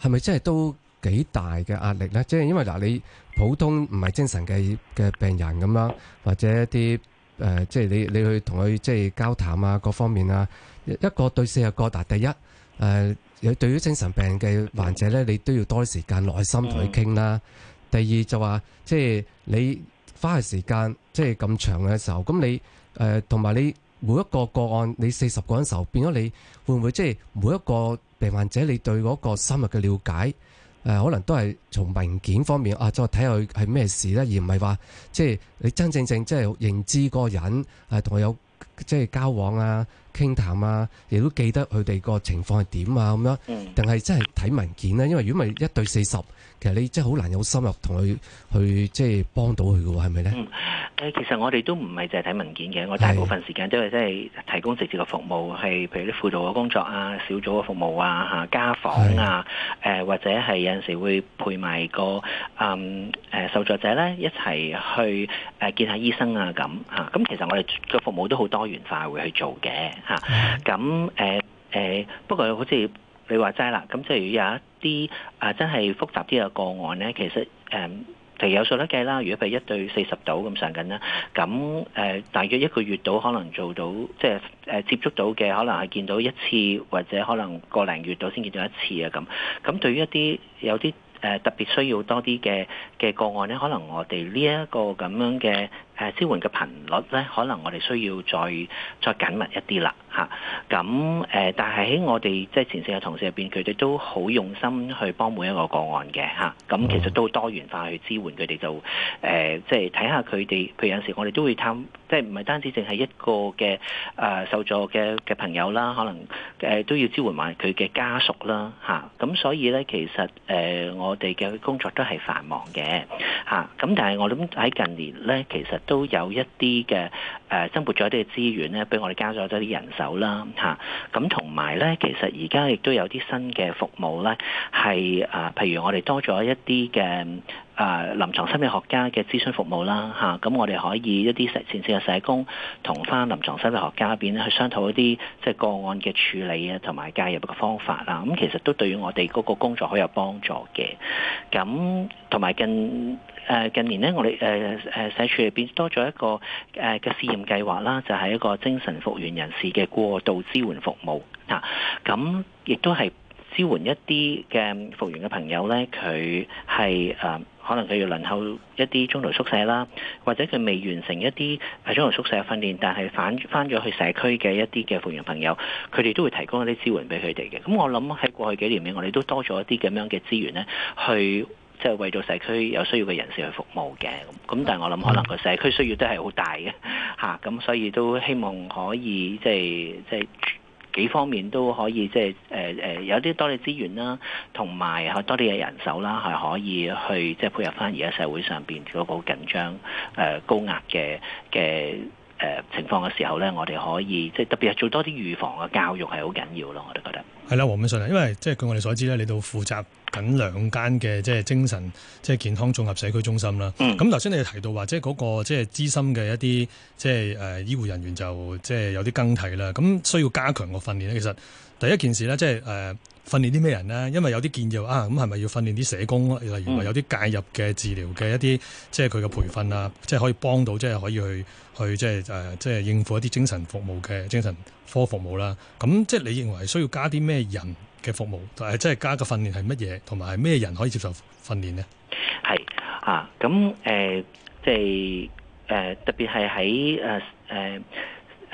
係咪真係都？幾大嘅壓力呢？即係因為嗱，你普通唔係精神嘅嘅病人咁樣，或者一啲誒、呃，即係你你去同佢即係交談啊，各方面啊，一個對四十個但第一誒、呃，對於精神病嘅患者呢，你都要多啲時間耐心同佢傾啦。第二就話、是、即係你花嘅時間即係咁長嘅時候，咁你誒同埋你每一個個案，你四十個人時候，變咗你會唔會即係每一個病患者，你對嗰個深入嘅了解？誒、呃、可能都係從文件方面啊，再睇下佢係咩事咧，而唔係話即係你真正正即係認知嗰個人誒同佢有即係交往啊、傾談啊，亦都記得佢哋個情況係點啊咁樣，定係真係睇文件咧？因為如果咪一對四十。其實你真係好難有深入同佢去即係幫到佢嘅喎，係咪咧？誒、嗯、
呃，其實我哋都唔係淨係睇文件嘅，我大部分時間都係即係提供直接嘅服務，係譬如啲輔導嘅工作啊、小組嘅服務啊、吓家訪啊，誒是、呃、或者係有陣時會配埋個嗯誒、呃、受助者咧，一齊去誒見下醫生啊咁吓，咁、啊、其實我哋個服務都好多元化會去做嘅吓，咁誒誒，不過好似你話齋啦，咁即係如果有一啲啊真係複雜啲嘅個案呢，其實誒，譬、嗯、如有數得計啦。如果譬如一對四十度咁上緊啦，咁誒、呃，大約一個月到可能做到，即係誒接觸到嘅，可能係見到一次，或者可能個零月到先見到一次啊咁。咁對於一啲有啲誒、呃、特別需要多啲嘅嘅個案呢，可能我哋呢一個咁樣嘅。誒支援嘅頻率咧，可能我哋需要再再緊密一啲啦嚇。咁、啊、誒，但係喺我哋即係前線嘅同事入邊，佢哋都好用心去幫每一個個案嘅嚇。咁、啊、其實都多元化去支援佢哋、啊，就誒即係睇下佢哋。譬如有時我哋都會探，即係唔係單止淨係一個嘅誒、啊、受助嘅嘅朋友啦，可能誒、啊、都要支援埋佢嘅家屬啦嚇。咁、啊啊、所以咧，其實誒、啊、我哋嘅工作都係繁忙嘅嚇。咁、啊、但係我諗喺近年咧，其實都有一啲嘅。誒，增撥咗一啲嘅資源咧，俾我哋加咗咗啲人手啦，嚇、啊！咁同埋咧，其實而家亦都有啲新嘅服務咧，係誒、啊，譬如我哋多咗一啲嘅誒臨床心理學家嘅諮詢服務啦，嚇、啊！咁我哋可以一啲前線嘅社工同翻臨床心理學家入邊去商討一啲即係個案嘅處理啊，同埋介入嘅方法啦、啊。咁、啊、其實都對於我哋嗰個工作好有幫助嘅。咁同埋近誒、啊、近年呢，我哋誒誒社署入邊多咗一個誒嘅、啊計劃啦，就係一個精神復原人士嘅過渡支援服務啊，咁亦都係支援一啲嘅復原嘅朋友呢，佢係誒可能佢要輪候一啲中途宿舍啦，或者佢未完成一啲誒中途宿舍嘅訓練，但係返翻咗去社區嘅一啲嘅復原朋友，佢哋都會提供一啲支援俾佢哋嘅。咁我諗喺過去幾年裏，我哋都多咗一啲咁樣嘅資源呢去。即係為到社區有需要嘅人士去服務嘅，咁但係我諗可能個社區需要都係好大嘅吓，咁、啊、所以都希望可以即係即係幾方面都可以即係誒誒有啲多啲資源啦，同埋多啲嘅人手啦，係可以去即係配合翻而家社會上邊嗰個好緊張誒、呃、高壓嘅嘅。誒、呃、情況嘅時候咧，我哋可以即係特別係做多啲預防嘅教育係好緊要咯，我哋覺得
係啦，黃敏信啊，因為即係據我哋所知咧，你都負責緊兩間嘅即係精神即係健康綜合社區中心啦。咁頭先你提到話，即係嗰個即係資深嘅一啲即係誒醫護人員就即係有啲更替啦，咁需要加強個訓練咧，其實。 [noise] [noise] [noise] [noise] [noise] [noise] 第一件事咧，即係誒、呃、訓練啲咩人咧？因為有啲建議話啊，咁係咪要訓練啲社工？例如話有啲介入嘅治療嘅一啲，即係佢嘅培訓啊，嗯、即係可以幫到，即係可以去去即係誒，即係應付一啲精神服務嘅精神科服務啦。咁、啊、即係你認為需要加啲咩人嘅服務？誒，即係加個訓練係乜嘢？同埋係咩人可以接受訓練咧？
係啊，咁誒、呃，即係誒、呃，特別係喺誒誒。呃呃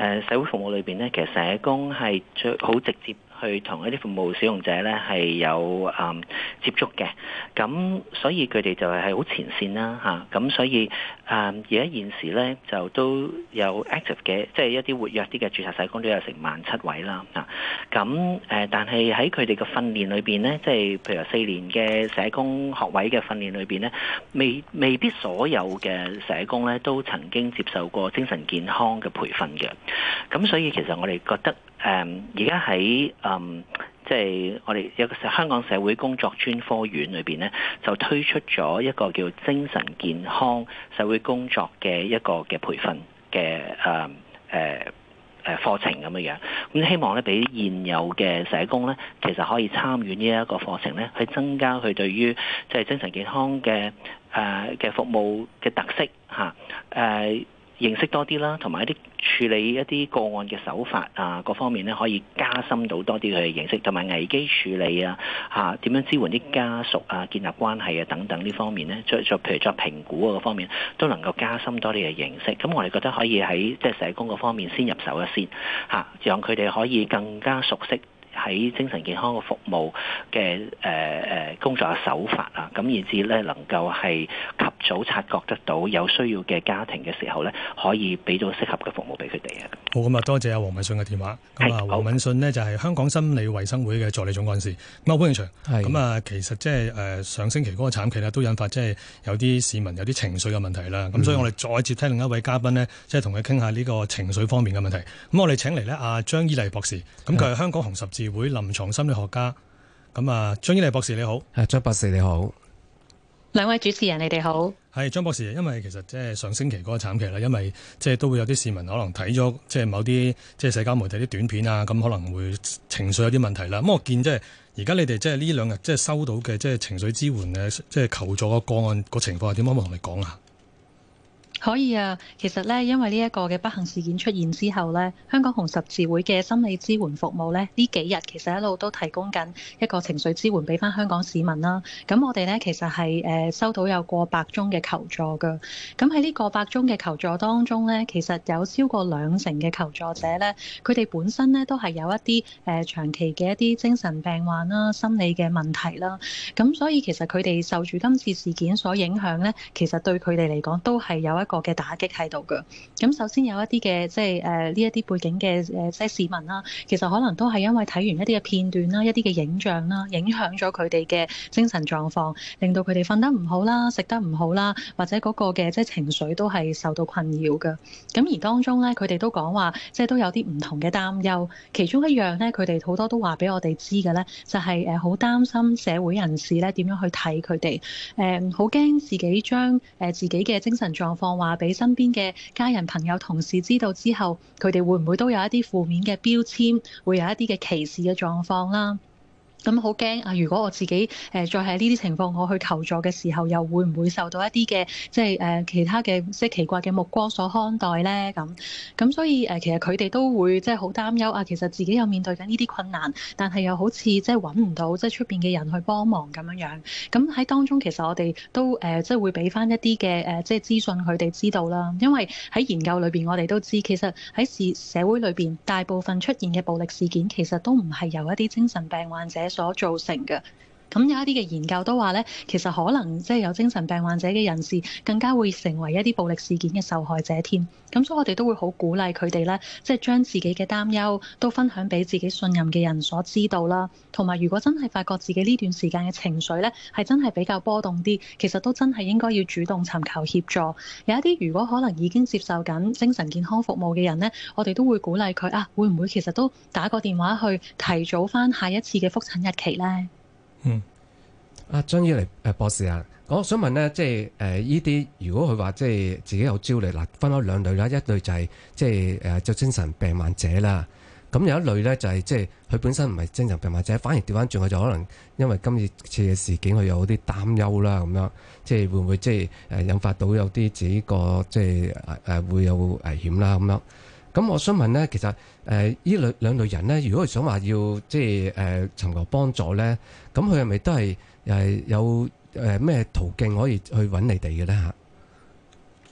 呃、社會服務裏邊呢，其實社工係最好直接。去同一啲服務使用者咧係有誒接觸嘅，咁所以佢哋就係好前線啦嚇，咁所以誒而家現時咧就都有 active 嘅，即係一啲活躍啲嘅註冊社工都有成萬七位啦啊，咁誒但係喺佢哋嘅訓練裏邊咧，即係譬如四年嘅社工學位嘅訓練裏邊咧，未未必所有嘅社工咧都曾經接受過精神健康嘅培訓嘅，咁所以其實我哋覺得。誒而家喺誒即係我哋有個香港社會工作專科院裏邊咧，就推出咗一個叫精神健康社會工作嘅一個嘅培訓嘅誒誒誒課程咁樣樣。咁希望咧，俾現有嘅社工咧，其實可以參與呢一個課程咧，去增加佢對於即係精神健康嘅誒嘅服務嘅特色嚇誒。啊呃認識多啲啦，同埋一啲處理一啲個案嘅手法啊，各方面咧可以加深到多啲佢嘅認識，同埋危機處理啊，嚇、啊、點樣支援啲家屬啊，建立關係啊等等呢方面咧，再再譬如作評估啊個方面，都能夠加深多啲嘅認識。咁我哋覺得可以喺即係社工個方面先入手一先嚇、啊，讓佢哋可以更加熟悉。喺精神健康嘅服務嘅誒誒工作嘅手法啊，咁以至咧能夠係及早察覺得到有需要嘅家庭嘅時候咧，可以俾到適合嘅服務俾佢哋啊。
好、哦，咁啊多謝阿黃敏信嘅電話。咁啊，黃敏信呢就係、是、香港心理衞生會嘅助理總幹事。咁啊，潘永祥。咁啊，其實即係誒上星期嗰個慘劇咧，都引發即係有啲市民有啲情緒嘅問題啦。咁、嗯、所以我哋再接聽另一位嘉賓呢，即係同佢傾下呢個情緒方面嘅問題。咁我哋請嚟咧阿張依勵博士。咁佢係香港紅十字。協會臨床心理學家，咁啊，張依勵博士你好，張博士你好，
兩位主持人你哋好。
係，張博士，因為其實即係上星期嗰個慘劇啦，因為即係都會有啲市民可能睇咗即係某啲即係社交媒體啲短片啊，咁可能會情緒有啲問題啦。咁我見即係而家你哋即係呢兩日即係收到嘅即係情緒支援嘅即係求助個案個情況係點樣？可唔可以同你講下？
可以啊，其實咧，因為呢一個嘅不幸事件出現之後咧，香港紅十字會嘅心理支援服務咧，呢幾日其實一路都提供緊一個情緒支援俾翻香港市民啦。咁我哋咧其實係誒、呃、收到有過百宗嘅求助噶。咁喺呢個百宗嘅求助當中咧，其實有超過兩成嘅求助者咧，佢哋本身咧都係有一啲誒、呃、長期嘅一啲精神病患啦、心理嘅問題啦。咁所以其實佢哋受住今次事件所影響咧，其實對佢哋嚟講都係有一個嘅打擊喺度㗎，咁首先有一啲嘅即係誒呢一啲背景嘅誒些市民啦，其實可能都係因為睇完一啲嘅片段啦、一啲嘅影像啦，影響咗佢哋嘅精神狀況，令到佢哋瞓得唔好啦、食得唔好啦，或者嗰個嘅即係情緒都係受到困擾㗎。咁而當中咧，佢哋都講話，即係都有啲唔同嘅擔憂，其中一樣咧，佢哋好多都話俾我哋知嘅咧，就係誒好擔心社會人士咧點樣去睇佢哋，誒好驚自己將誒自己嘅精神狀況。話畀身邊嘅家人、朋友、同事知道之後，佢哋會唔會都有一啲負面嘅標籤，會有一啲嘅歧視嘅狀況啦？咁好驚啊！如果我自己誒、呃、再係呢啲情況，我去求助嘅時候，又會唔會受到一啲嘅即係誒、呃、其他嘅即係奇怪嘅目光所看待咧？咁咁、嗯、所以誒、呃，其實佢哋都會即係好擔憂啊！其實自己又面對緊呢啲困難，但係又好似即係揾唔到即係出邊嘅人去幫忙咁樣樣。咁、嗯、喺當中，其實我哋都誒、呃、即係會俾翻一啲嘅誒即係資訊佢哋知道啦。因為喺研究裏邊，我哋都知其實喺社社會裏邊，大部分出現嘅暴力事件，其實都唔係由一啲精神病患者所造成嘅。咁有一啲嘅研究都話咧，其實可能即係有精神病患者嘅人士，更加會成為一啲暴力事件嘅受害者添。咁所以，我哋都會好鼓勵佢哋咧，即係將自己嘅擔憂都分享俾自己信任嘅人所知道啦。同埋，如果真係發覺自己呢段時間嘅情緒咧，係真係比較波動啲，其實都真係應該要主動尋求協助。有一啲如果可能已經接受緊精神健康服務嘅人咧，我哋都會鼓勵佢啊，會唔會其實都打個電話去提早翻下一次嘅複診日期咧？
[noise] 嗯，阿張依勵誒博士啊，我想問咧，即係誒呢啲如果佢話即係自己有焦慮，嗱分開兩類啦，一類就係、是、即係誒做精神病患者啦，咁有一類咧就係、是、即係佢本身唔係精神病患者，反而調返轉去，就可能因為今次次嘅事件，佢有啲擔憂啦，咁樣即係會唔會即係誒、啊、引發到有啲自己個即係誒、啊、會有危險啦咁樣？咁我想問呢，其實誒依兩兩類人咧，如果係想話要即係尋求幫助呢，咁佢係咪都係有誒咩、呃、途徑可以去揾你哋嘅呢？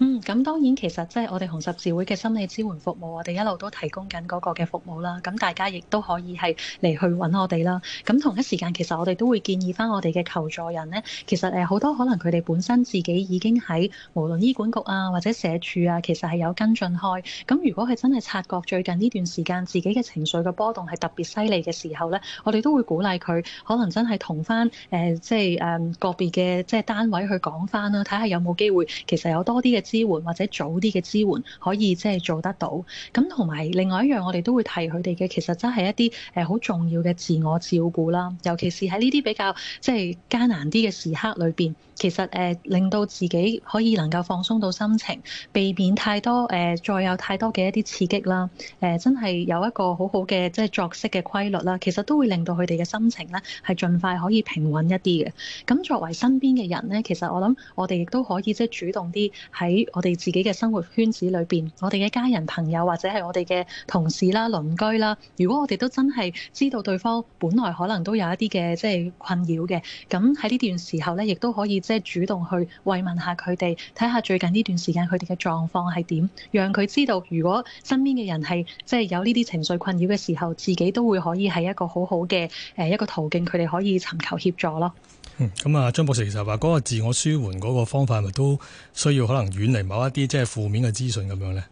嗯，咁當然其實即係我哋紅十字會嘅心理支援服務，我哋一路都提供緊嗰個嘅服務啦。咁大家亦都可以係嚟去揾我哋啦。咁同一時間，其實我哋都會建議翻我哋嘅求助人呢。其實誒好多可能佢哋本身自己已經喺無論醫管局啊或者社署啊，其實係有跟進開。咁如果係真係察覺最近呢段時間自己嘅情緒嘅波動係特別犀利嘅時候呢，我哋都會鼓勵佢可能真係同翻誒即係誒個別嘅即係單位去講翻啦，睇下有冇機會其實有多啲嘅支援或者早啲嘅支援可以即係做得到。咁同埋另外一樣我哋都會提佢哋嘅，其實真係一啲誒好重要嘅自我照顧啦。尤其是喺呢啲比較即係艱難啲嘅時刻裏邊，其實誒、呃、令到自己可以能夠放鬆到心情，避免太多誒、呃、再有太多嘅一啲刺激啦。誒、呃、真係有一個好好嘅即係作息嘅規律啦。其實都會令到佢哋嘅心情咧係盡快可以平穩一啲嘅。咁作為身邊嘅人咧，其實我諗我哋亦都可以即係主動啲喺。我哋自己嘅生活圈子裏邊，我哋嘅家人朋友或者係我哋嘅同事啦、鄰居啦，如果我哋都真係知道對方本來可能都有一啲嘅即係困擾嘅，咁喺呢段時候咧，亦都可以即係主動去慰問下佢哋，睇下最近呢段時間佢哋嘅狀況係點，讓佢知道如果身邊嘅人係即係有呢啲情緒困擾嘅時候，自己都會可以係一個好好嘅誒一個途徑，佢哋可以尋求協助咯。
嗯，咁啊，張博士其實話嗰個自我舒緩嗰個方法，係咪都需要可能遠離某一啲即係負面嘅資訊咁樣咧？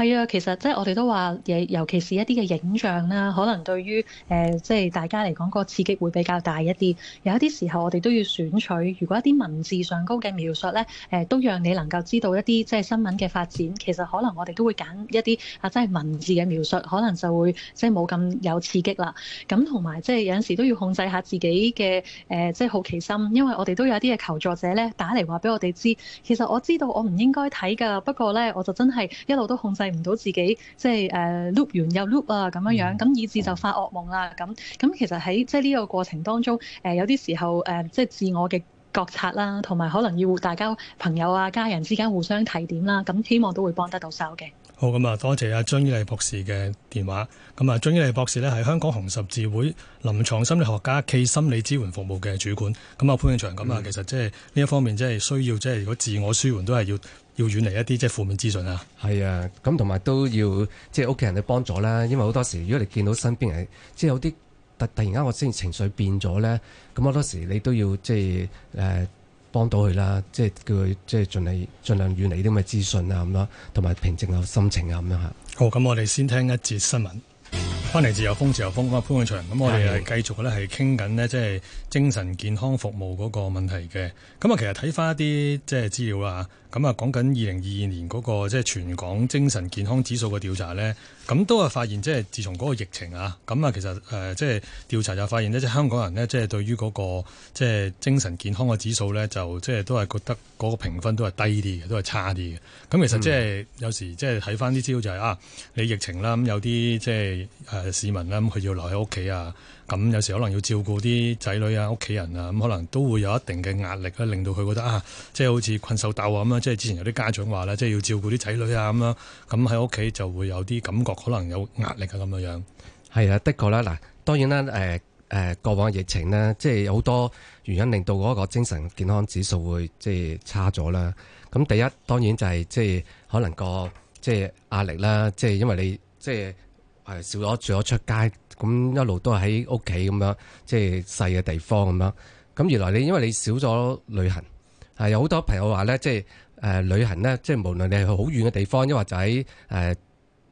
係啊，其實即係我哋都話嘢，尤其是一啲嘅影像啦，可能對於誒即係大家嚟講個刺激會比較大一啲。有一啲時候我哋都要選取，如果一啲文字上高嘅描述咧，誒都讓你能夠知道一啲即係新聞嘅發展。其實可能我哋都會揀一啲啊，即係文字嘅描述，可能就會即係冇咁有刺激啦。咁同埋即係有陣時都要控制下自己嘅誒即係好奇心，因為我哋都有一啲嘅求助者咧打嚟話俾我哋知，其實我知道我唔應該睇㗎，不過咧我就真係一路都控制唔到自己，即係誒碌完又碌啊，咁樣樣，咁、嗯、以致就發噩夢啦。咁咁、嗯、其實喺即係呢個過程當中，誒、呃、有啲時候誒、呃，即係自我嘅覺察啦，同埋可能要大家朋友啊、家人之間互相提點啦。咁希望都會幫得到手嘅。
好，咁啊，多謝阿張依勵博士嘅電話。咁啊，張依勵博士呢係香港紅十字會臨床心理學家暨心理支援服務嘅主管。咁啊，潘永祥咁啊，嗯、其實即係呢一方面，即係需要，即、就、係、是、如果自我舒緩都係要。要
遠離一啲即係負面資訊啊，係啊，咁同埋都要即係屋企人嘅幫助啦。因為好多時，如果你見到身邊人即係有啲突突然間，我先情緒變咗咧，咁好多時你都要即係誒、呃、幫到佢啦，即係叫佢即係盡量盡量遠離啲咁嘅資訊啊，咁咯，同埋平靜下心情啊，咁樣嚇。好，咁我哋先聽一節新聞，
翻嚟、嗯、自由風，自由風，潘嗯、我潘永祥咁，我哋係繼續咧係傾緊呢，即係精神健康服務嗰個問題嘅。咁啊，其實睇翻一啲即係資料啊。咁啊，講緊二零二二年嗰個即係全港精神健康指數嘅調查呢，咁都係發現，即係自從嗰個疫情啊，咁啊，其實誒即係調查就發現呢，即係香港人呢，即係對於嗰個即係精神健康嘅指數呢，就即係都係覺得嗰個評分都係低啲嘅，都係差啲嘅。咁其實即係有時即係睇翻啲資料就係、是、啊，你疫情啦，咁有啲即係誒市民啦，佢要留喺屋企啊。咁、嗯、有時可能要照顧啲仔女啊、屋企人啊，咁、嗯、可能都會有一定嘅壓力，咧令到佢覺得啊，即係好似困獸鬥啊咁啊！即係之前有啲家長話咧，即、就、係、是、要照顧啲仔女啊咁樣，咁喺屋企就會有啲感覺，可能有壓力啊咁
樣。係啊，的確啦，嗱，當然啦，誒、呃、誒、呃呃呃，過往疫情咧，即係好多原因令到嗰個精神健康指數會即係差咗啦。咁、嗯、第一當然就係即係可能、個即係壓力啦，即係因為你即係。係少咗，住咗出街，咁一路都係喺屋企咁樣，即係細嘅地方咁樣。咁原來你，因為你少咗旅行，係有好多朋友話咧，即係誒旅行咧，即係無論你係去好遠嘅地方，抑或者喺誒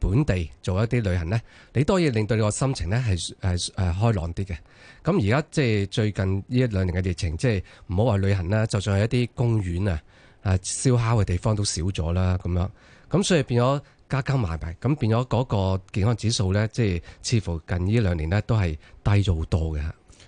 本地做一啲旅行咧，你都可以令到你個心情咧係係誒開朗啲嘅。咁而家即係最近呢一兩年嘅疫情，即係唔好話旅行啦，就算係一啲公園啊、啊燒烤嘅地方都少咗啦，咁樣，咁所以變咗。加加埋埋咁變咗嗰個健康指數咧，即係似乎近呢兩年咧都係低咗好多嘅。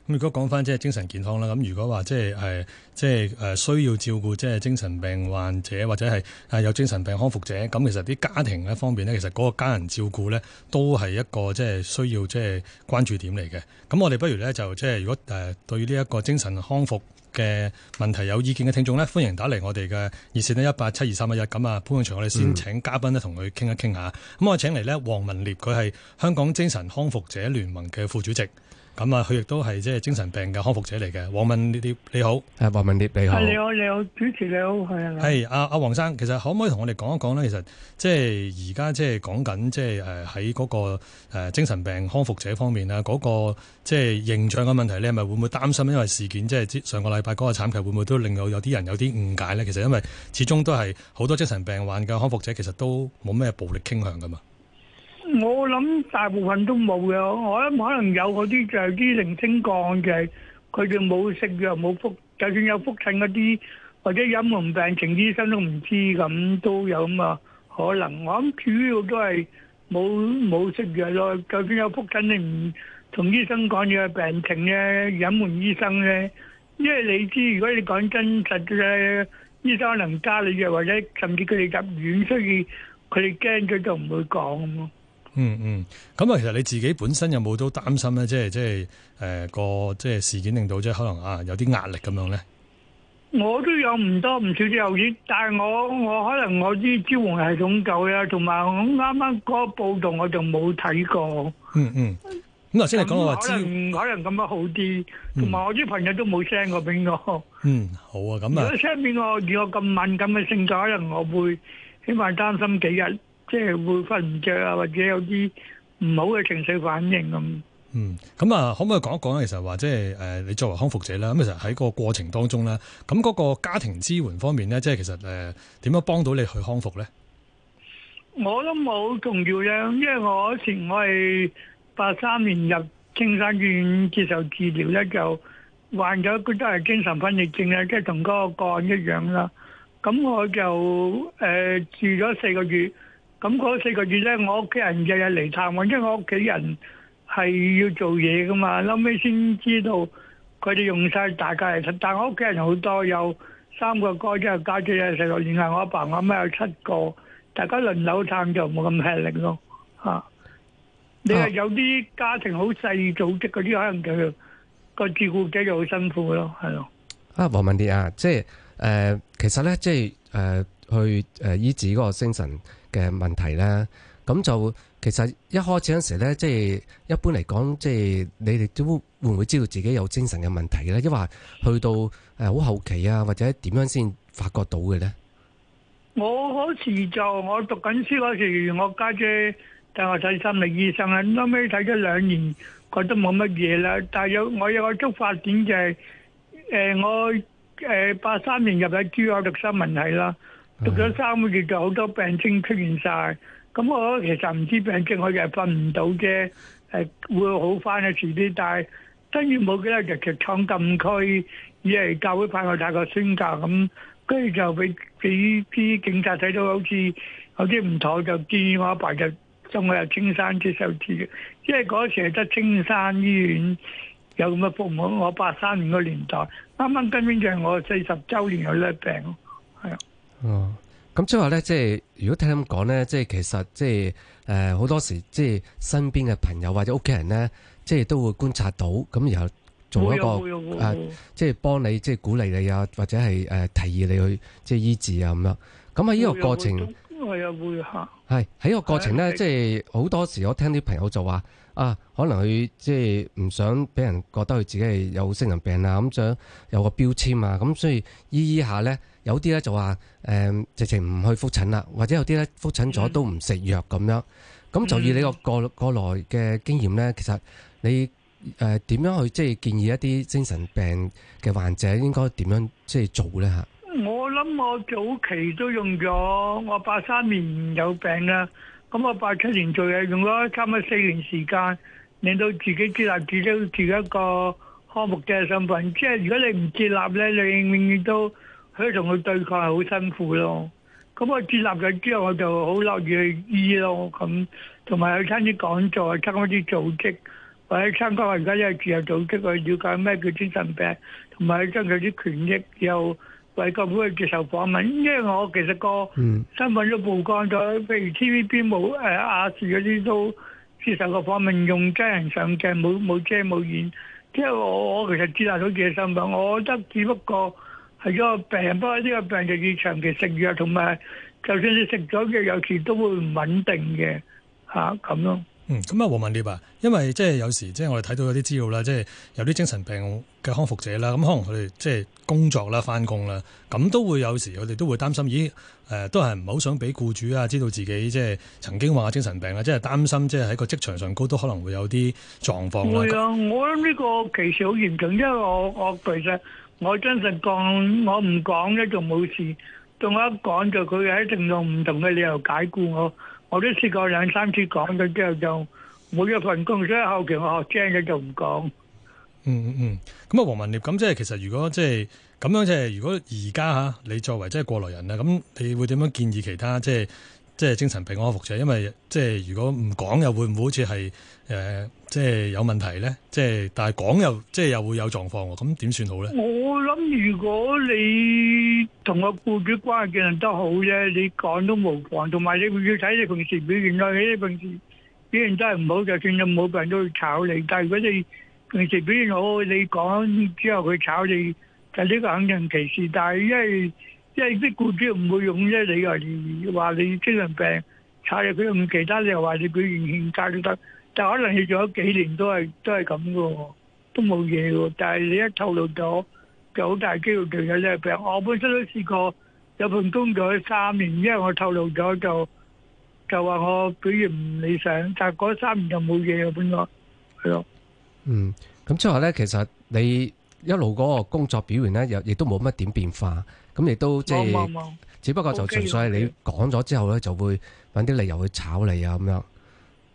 咁如果講翻即係精神健康啦，咁如果話即係誒，即係誒需要照顧即係精神病患者或者係啊有精神病康復者，咁其實啲家庭咧方面咧，其實嗰個家人照顧咧都係一個即係需要即係關注點嚟嘅。咁我哋不如咧就即係如果誒對呢一個精神康復。嘅問題有意見嘅聽眾呢，歡迎打嚟我哋嘅熱線呢一八七二三一一。咁啊潘永祥，我哋先請嘉賓呢同佢傾一傾下。咁、嗯、我請嚟呢王文臬，佢係香港精神康復者聯盟嘅副主席。咁啊，佢亦都係即係精神病嘅康復者嚟嘅。王文臬，你好。誒，王文臬，你好。你好，你好，
主持你
好，係啊。係阿阿王生，其實可唔可以同我哋講一講呢？其實即係而家即係講緊即係誒喺嗰個、呃、精神病康復者方面啊，嗰、那個即係、就是、形象嘅問題，你係咪會唔會擔心？因為事件即係上個禮拜嗰個慘劇，會唔會都令到有啲人有啲誤解呢？其實因為始終都係好多精神病患嘅康復者，其實都冇咩暴力傾向噶嘛。
我諗大部分都冇嘅，我諗可能有嗰啲就係啲零星降嘅，佢哋冇食藥冇復，就算有復診嗰啲或者隱瞞病情，醫生都唔知咁都有嘛可能。我諗主要都係冇冇食藥咯，就算有復診你唔同醫生講你嘅病情咧，隱瞞醫生咧，因為你知如果你講真實嘅，醫生可能加你藥，或者甚至佢哋入院，所以佢哋驚咗就唔會講咯。
嗯嗯，咁、嗯、啊，其實你自己本身有冇都擔心咧？即係、呃、即係誒，個即係事件令到即係可能啊，有啲壓力咁樣咧。
我都有唔多唔少啲留意，但係我我可能我啲支援系統夠啦，同埋我啱啱嗰報道我就冇睇過。嗯嗯，咁啊先嚟講下支援，嗯嗯、話可能咁焦樣好啲。同埋我啲朋友都冇 send 過俾我。嗯，好啊，咁啊，如果 send 俾我，如果咁敏感嘅性格，可能我會起碼擔心幾日。即係會瞓唔着啊，或者有啲唔好嘅情緒反應咁。嗯，
咁啊，可唔可以講一講咧？其實話即係誒，你作為康復者啦，咁其實喺個過程當中咧，咁嗰個家庭支援方面咧，即係其實誒，呃、點樣幫到你去康復咧？
我都冇重要嘅，因為我以前我係八三年入青山醫院接受治療咧，就患咗佢都係精神分裂症啊，即係同嗰個個案一樣啦。咁我就誒、呃、住咗四個月。咁嗰四個月咧，我屋企人日日嚟探我，因為我屋企人係要做嘢噶嘛。後尾先知道佢哋用晒大家嚟食，但係我屋企人好多，有三個哥，哥，即係家姐有四個姨啊，我阿爸，爸我阿媽有七個，大家輪流探就冇咁吃力咯。吓、啊，啊、你係有啲家庭好細組織嗰啲，可能就要個照顧者就好辛苦咯，係
咯。啊，王文臬啊，即係誒、呃，其實咧，即係誒、呃，去誒醫治嗰個精神嘅問題啦，咁就其實一開始嗰陣時咧，即係一般嚟講，即係你哋都會唔會知道自己有精神嘅問題咧？因為去到誒好後期啊，或者點樣先發覺到嘅咧？
我嗰時就我讀緊書嗰時，我家姐帶我睇心理醫生啊，後尾睇咗兩年，覺得冇乜嘢啦。但係有我有個觸發點就係誒我誒八三年入喺珠海讀新聞系啦。讀咗三個月就好多病徵出現晒，咁我其實唔知病徵，我就係瞓唔到啫，係會好翻嘅，遲啲，但係真係冇嘅咧，日就闖禁區，以嚟教會派我打個宣教。咁，跟住就俾俾啲警察睇到好似有啲唔妥，就建議我阿爸就送我入青山接受治療，因為嗰時係得青山醫院有咁嘅服務，我八三年嘅年代，啱啱根本就係我四十周年有呢病。
哦，咁即係咧，即係如果聽咁講咧，即係其實即係誒，好、呃、多時即係身邊嘅朋友或者屋企人咧，即係都會觀察到，咁然後做一個誒、呃，即係幫你即係鼓勵你啊，或者係誒、呃、提議你去即係醫治啊咁樣。咁喺呢個過程
係啊會吓，
係喺呢個過程咧，即係好多時我聽啲朋友就話啊，可能佢即係唔想俾人覺得佢自己係有精神病啊，咁想有個標籤啊，咁所以醫醫下咧。有啲咧就話誒、呃，直情唔去復診啦，或者有啲咧復診咗都唔食藥咁樣。咁、嗯、就以你個過過來嘅經驗咧，其實你誒點、呃、樣去即係建議一啲精神病嘅患者應該點樣即係做咧嚇？
我諗我早期都用咗我八三年有病啦，咁我八七年做嘢用咗差唔多四年時間，令到自己建立自己自己一個康復嘅身份。即係如果你唔建立咧，你永遠都～佢同佢對抗係好辛苦咯，咁我建立咗之後，我就好樂意去醫咯，咁同埋去參加啲講座，參加啲組織，或者參加而家因啲自由組織去了解咩叫精神病，同埋爭取啲權益，又為政府去接受訪問，因為我其實個身份都曝光咗，譬如 TVB 冇誒、呃、亞視嗰啲都接受過訪問，用真人上鏡，冇冇遮冇掩，即係我我其實建立咗自己身份，我覺得只不過，係咗個病人，不過呢個病就要長期食藥，同埋就算你食咗嘅，有時都會唔穩定嘅吓咁咯。啊、嗯，
咁啊，黃敏信啊，因爲即係有時，即係我哋睇到有啲資料啦，即係有啲精神病嘅康復者啦，咁可能佢哋即係工作啦、翻工啦，咁都會有時佢哋都會擔心，咦？誒、呃，都係唔好想俾雇主啊知道自己即係曾經患精神病啦，即係擔心即係喺個職場上高都可能會有啲狀況啦。係啊！
我諗呢個歧視好嚴重，因為我我，我其實。我真實講，我唔講咧就冇事，仲有一講就佢係種用唔同嘅理由解雇我。我都試過兩三次講咗之後，就冇一份工，所以後期我學精嘅就唔講、嗯。嗯嗯
嗯，咁、嗯、啊，王文臬，咁即係其實如果即係咁樣即係，如果而家吓你作為即係過來人咧，咁你會點樣建議其他即係即係精神病康復者？因為即係如果唔講又會唔會好似係誒？呃即係有問題咧，即係但係講又即係又會有狀況喎，咁點算好咧？我
諗如果你同個僱主關係嘅人都好啫，你講都無妨。同埋你要睇你平時表現啦。你平時表現真係唔好，就算冇病都會炒你。但係如果你平時表現好，你講之後佢炒你，就呢個肯定歧視。但係因為因為啲僱主唔會用啫，你又話你精神病炒你，佢用其他你又話你表現欠佳都得。但可能你做咗幾年都係都係咁噶都冇嘢。但係你一透露咗，就好大機會就有呢個病。我本身都試過有份工作三年，因為我透露咗就就話我表現唔理想，但嗰三年就冇嘢嘅本
來。係咯，嗯，咁之後咧，其實你一路嗰個工作表現咧，又亦都冇乜點變化。咁亦都即係，只不過就純粹係你講咗之後咧，就會揾啲理由去炒你啊咁樣。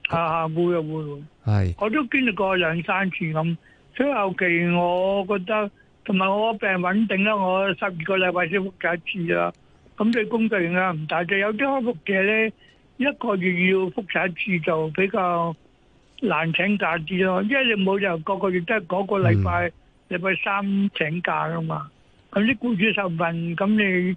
啊啊會啊會係，我都經歷過兩三次咁，所以後期我覺得同埋我病穩定啦，我十二個禮拜先覆診一次啦。咁對工作影響唔大，就有啲康復者咧，一個月要覆查一次就比較難請假啲咯，因為你冇由個個月都係嗰個禮拜禮拜三請假噶嘛。咁啲雇主受唔慣，咁你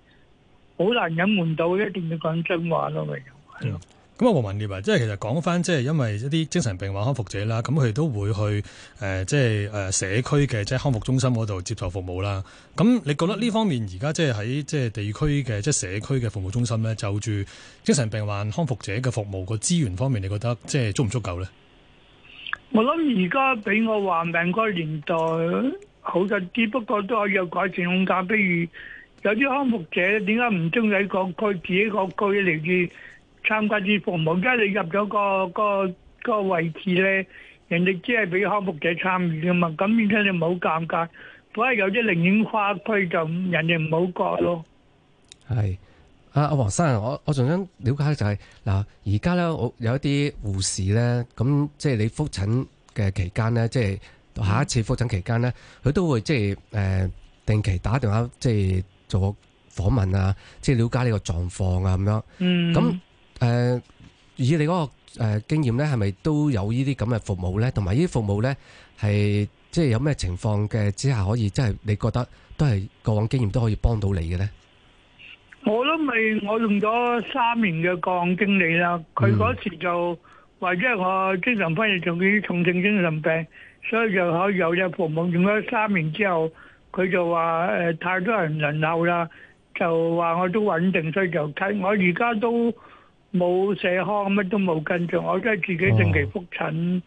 好難隱瞞到一定要講
真話咯，咪又係咯。咁啊，王文臬啊，即係其實講翻，即係因為一啲精神病患康復者啦，咁佢哋都會去誒，即係誒社區嘅即係康復中心嗰度接受服務啦。咁你覺得呢方面而家即係喺即係地區嘅即係社區嘅服務中心咧，就住精神病患康復者嘅服務個資源方面，你覺得即係足唔足夠呢？
我諗而家比我患病嗰個年代好咗，只不過都係有改善空間。譬如有啲康復者點解唔中意喺個區自己個區嚟住？參加啲服務，而家你入咗個個個位置咧，人哋只係俾康復者參與噶嘛，咁變相你唔好尷尬。如果有啲寧願跨區咁，人哋唔好講咯。
係，阿阿黃生，我我仲想了解就係、是、嗱，而家咧，我有一啲護士咧，咁即係你覆診嘅期間咧，即係下一次覆診期間咧，佢都會即係誒、呃、定期打電話，即係做訪問啊，即係了解你個狀況啊咁樣。嗯，咁。誒、呃，以你嗰個誒經驗咧，係咪都有呢啲咁嘅服務咧？同埋呢啲服務咧，係即係有咩情況嘅之下可以，即係你覺得都係過往經驗都可以幫到你嘅咧？
我都未，我用咗三年嘅個案經理啦。佢嗰時就話，即係、嗯、我精神分裂仲要重症精神病，所以就可有隻服務。用咗三年之後，佢就話誒、呃、太多人輪候啦，就話我都穩定，所以就 cut 我而家都。冇社康乜都冇跟進，我都係自己定期復診。哦、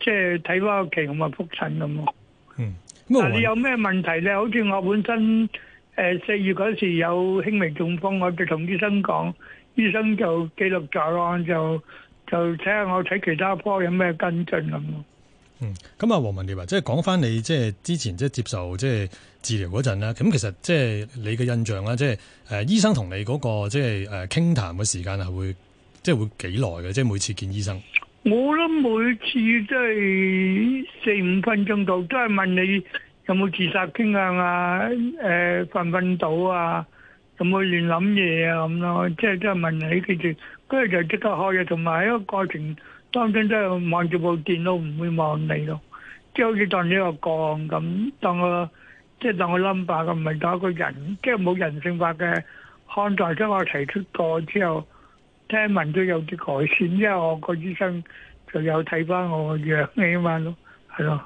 即係睇翻個期咁咪復診咁咯。嗱、嗯、但你有咩問題咧？好似我本身誒、呃、四月嗰時有輕微中風，我就同醫生講，醫生就記錄在案，就就睇下我睇其他科有咩跟進咁咯。
嗯，咁啊，王文臬啊，即係講翻你即係之前即係接受即係治療嗰陣啦，咁其實即係你嘅印象啦，即係誒醫生同你嗰個即係誒傾談嘅時間係會即係會幾耐嘅？即係每次見醫生。
我諗每次即係四五分鐘度，都係問你有冇自殺傾向啊？誒瞓瞓到啊？有冇亂諗嘢啊？咁咯，即係都係問你跟住，跟住就即刻開嘅，同埋一個過程。當真真係望住部電腦，唔會望你咯，即係好似當一個槓咁，當我即係當個 number 咁，唔係當一個人，即係冇人性化嘅看待。所以我提出過之後，聽聞都有啲改善，因為我個醫生就有睇翻我嘅藥起嘛咯，係咯。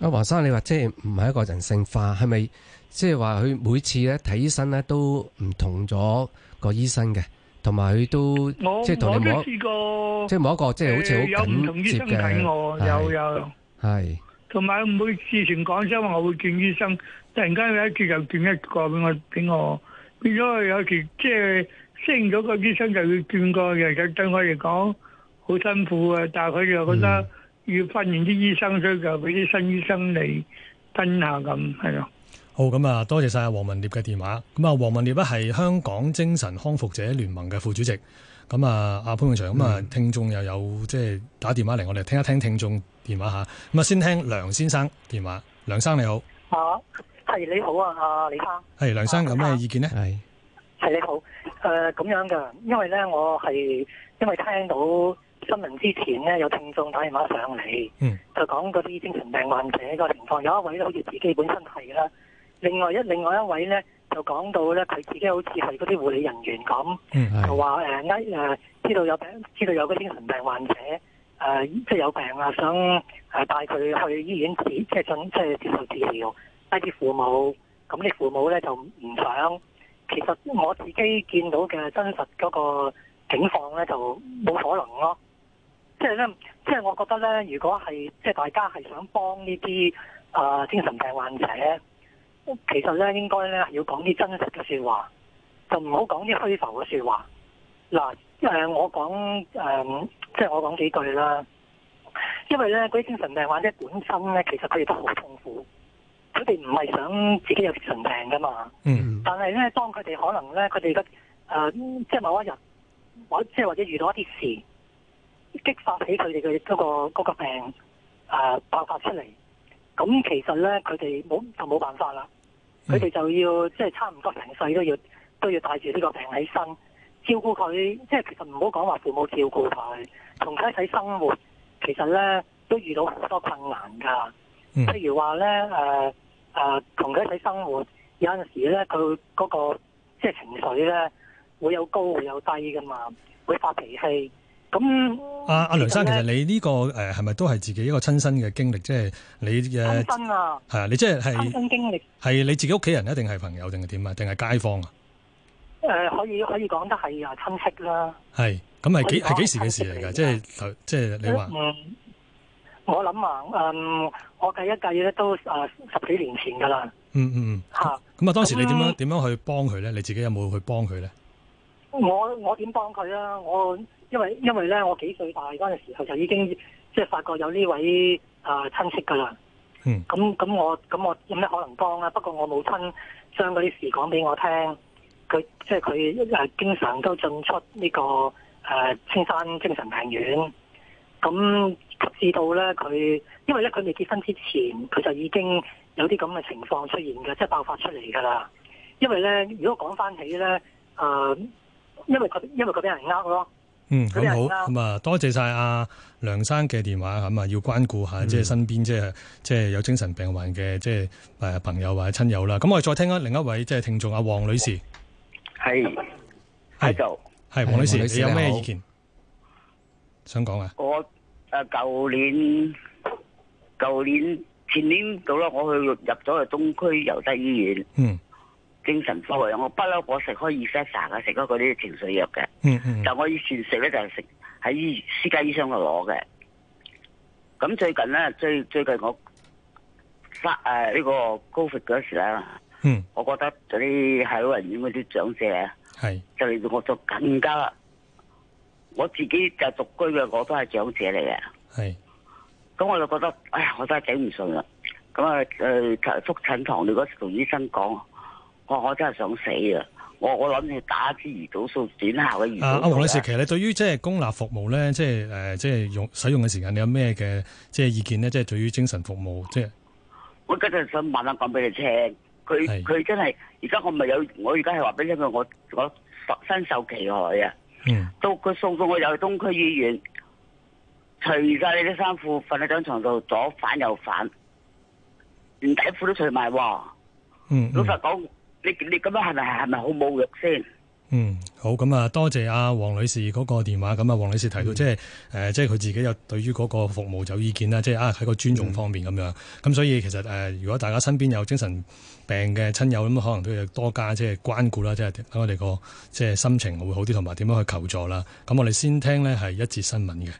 阿黃生，你話即係唔係一個人性化，係咪即係話佢每次咧睇醫生咧都唔同咗個醫生嘅？同埋佢都，我即係我都試過，即係冇一個即係好似有唔同醫生睇我。有的有。係。
同埋唔會事前講即話，我會見醫生。突然間有一次又見一個俾我，俾我變咗。有時即係適應咗個醫生就要轉個，又有對我嚟講好辛苦啊。但係佢又覺得要訓練啲醫生、嗯、所以就俾啲新醫生嚟跟下咁係咯。
好咁啊，多謝晒阿王文臬嘅電話。咁啊，王文臬咧，係香港精神康復者聯盟嘅副主席。咁、嗯、啊，阿潘永祥咁啊，聽眾又有即係打電話嚟，我哋聽一聽聽眾電話吓。咁啊，先聽梁先生電話。梁生你好。
吓係、啊、你好啊，阿李生，
係梁生有咩意見呢？係
係、啊啊、你好，誒、呃、咁樣噶，因為咧我係因為聽到新聞之前咧有聽眾打電話上嚟，嗯，就講嗰啲精神病患者個情況，有一位咧好似自己本身係啦。另外一另外一位咧，就講到咧，佢自己好似係嗰啲護理人員咁，嗯、就話誒啱誒，知道有病，知道有個精神病患者誒、呃，即係有病啊，想誒帶佢去醫院治，即係準，即係接受治療，低啲父母。咁啲父母咧就唔想。其實我自己見到嘅真實嗰個情況咧，就冇可能咯。即係咧，即係我覺得咧，如果係即係大家係想幫呢啲啊精神病患者。其實咧，應該咧要講啲真實嘅說話，就唔好講啲虛浮嘅說話。嗱，誒，我講誒，即係我講幾句啦。因為咧，嗰啲精神病患者本身咧，其實佢哋都好痛苦，佢哋唔係想自己有精神病噶嘛。嗯。但係咧，當佢哋可能咧，佢哋嘅誒，即係某一日，或即係或者遇到一啲事，激發起佢哋嘅嗰個、嗰個病誒、呃、爆發出嚟。咁其實咧，佢哋冇就冇辦法啦。佢哋就要即係差唔多成世都要都要帶住呢個病喺身，照顧佢。即係其實唔好講話父母照顧佢，同佢一齊生活其實咧都遇到好多困難㗎。譬如話咧誒誒，同、呃、佢、呃、一齊生活有陣時咧，佢嗰、那個即係、就是、情緒咧會有高會有低㗎嘛，會發脾氣。咁
阿阿梁生，其實你呢個誒係咪都係自己一個親身嘅經歷？即、就、係、是、你嘅親身啊，係啊！你即係親身經歷，係你自己屋企人，一定係朋友定係點啊？定係街坊啊？誒、哎，可
以可以講得係啊親戚啦。
係咁係幾係幾時嘅事嚟噶？即係即係你話、嗯？
我諗啊，嗯，我計一計咧，都誒十幾年前噶啦、嗯。嗯嗯。吓咁啊！當時你點樣點
樣去幫佢咧？你自己有冇去幫佢咧？
我我點幫佢啊？我因為因為咧，我幾歲大嗰陣時候就已經即係發覺有呢位啊親戚噶啦。嗯。咁咁我咁我有咩可能幫啊？不過我母親將嗰啲事講俾我聽，佢即係佢誒經常都進出呢個誒青山精神病院，咁及至到咧佢，因為咧佢未結婚之前，佢就已經有啲咁嘅情況出現嘅，即係爆發出嚟噶啦。因為咧，如果講翻起咧，呃，因為佢因為佢俾人呃咯。
嗯，咁好，咁啊，多謝晒阿梁生嘅電話，咁啊，要關顧下即係、嗯、身邊即係即係有精神病患嘅即係誒朋友或者親友啦。咁我哋再聽下另一位即係聽衆阿黃女士，係係就係黃女士，女士你有咩意見？好想講啊？
我誒，舊年舊年前年到啦，我去入咗去東區尤德醫院。嗯。精神科嚟，我不嬲，我食開 e s f 食咗嗰啲情緒藥嘅。嗯、但我以前食咧，就係食喺私家醫生度攞嘅。咁最近咧，最最近我發，忽誒呢個高血壓嗰時咧，嗯、我覺得嗰啲喺醫院嗰啲長者，係是就令到我就更加，我自己就獨居嘅，我都係長者嚟嘅。係是。咁我就覺得，哎呀，我都係頂唔順啦。咁啊誒，復、呃、診堂，你嗰時同醫生講。我真係想死想素素啊！我我諗住打支胰島素，短效嘅胰島素。阿黃女士,其
實你對於即係公立服務咧，即係誒，即係用使用嘅時間，你有咩嘅即係意見咧？即係對於精神服務，即係
我今日想慢慢講俾你聽，佢佢是真係而家我咪有，我而家係話俾你聽，我我身受其害啊！嗯、到佢送到我又去東區醫院，除晒你啲衫褲，瞓喺張床度，左反右反，連底褲都除埋，老實講。嗯你
你咁樣係咪係咪好侮辱先？嗯，好，咁啊，多謝阿黃女士嗰個電話。咁啊，黃女士提到、嗯、即係誒、呃，即係佢自己有對於嗰個服務有意見啦，即係啊喺個尊重方面咁樣。咁、嗯、所以其實誒、呃，如果大家身邊有精神病嘅親友咁，可能都要多加即係關顧啦，即係等我哋個即係心情會好啲，同埋點樣去求助啦。咁我哋先聽呢係一節新聞嘅。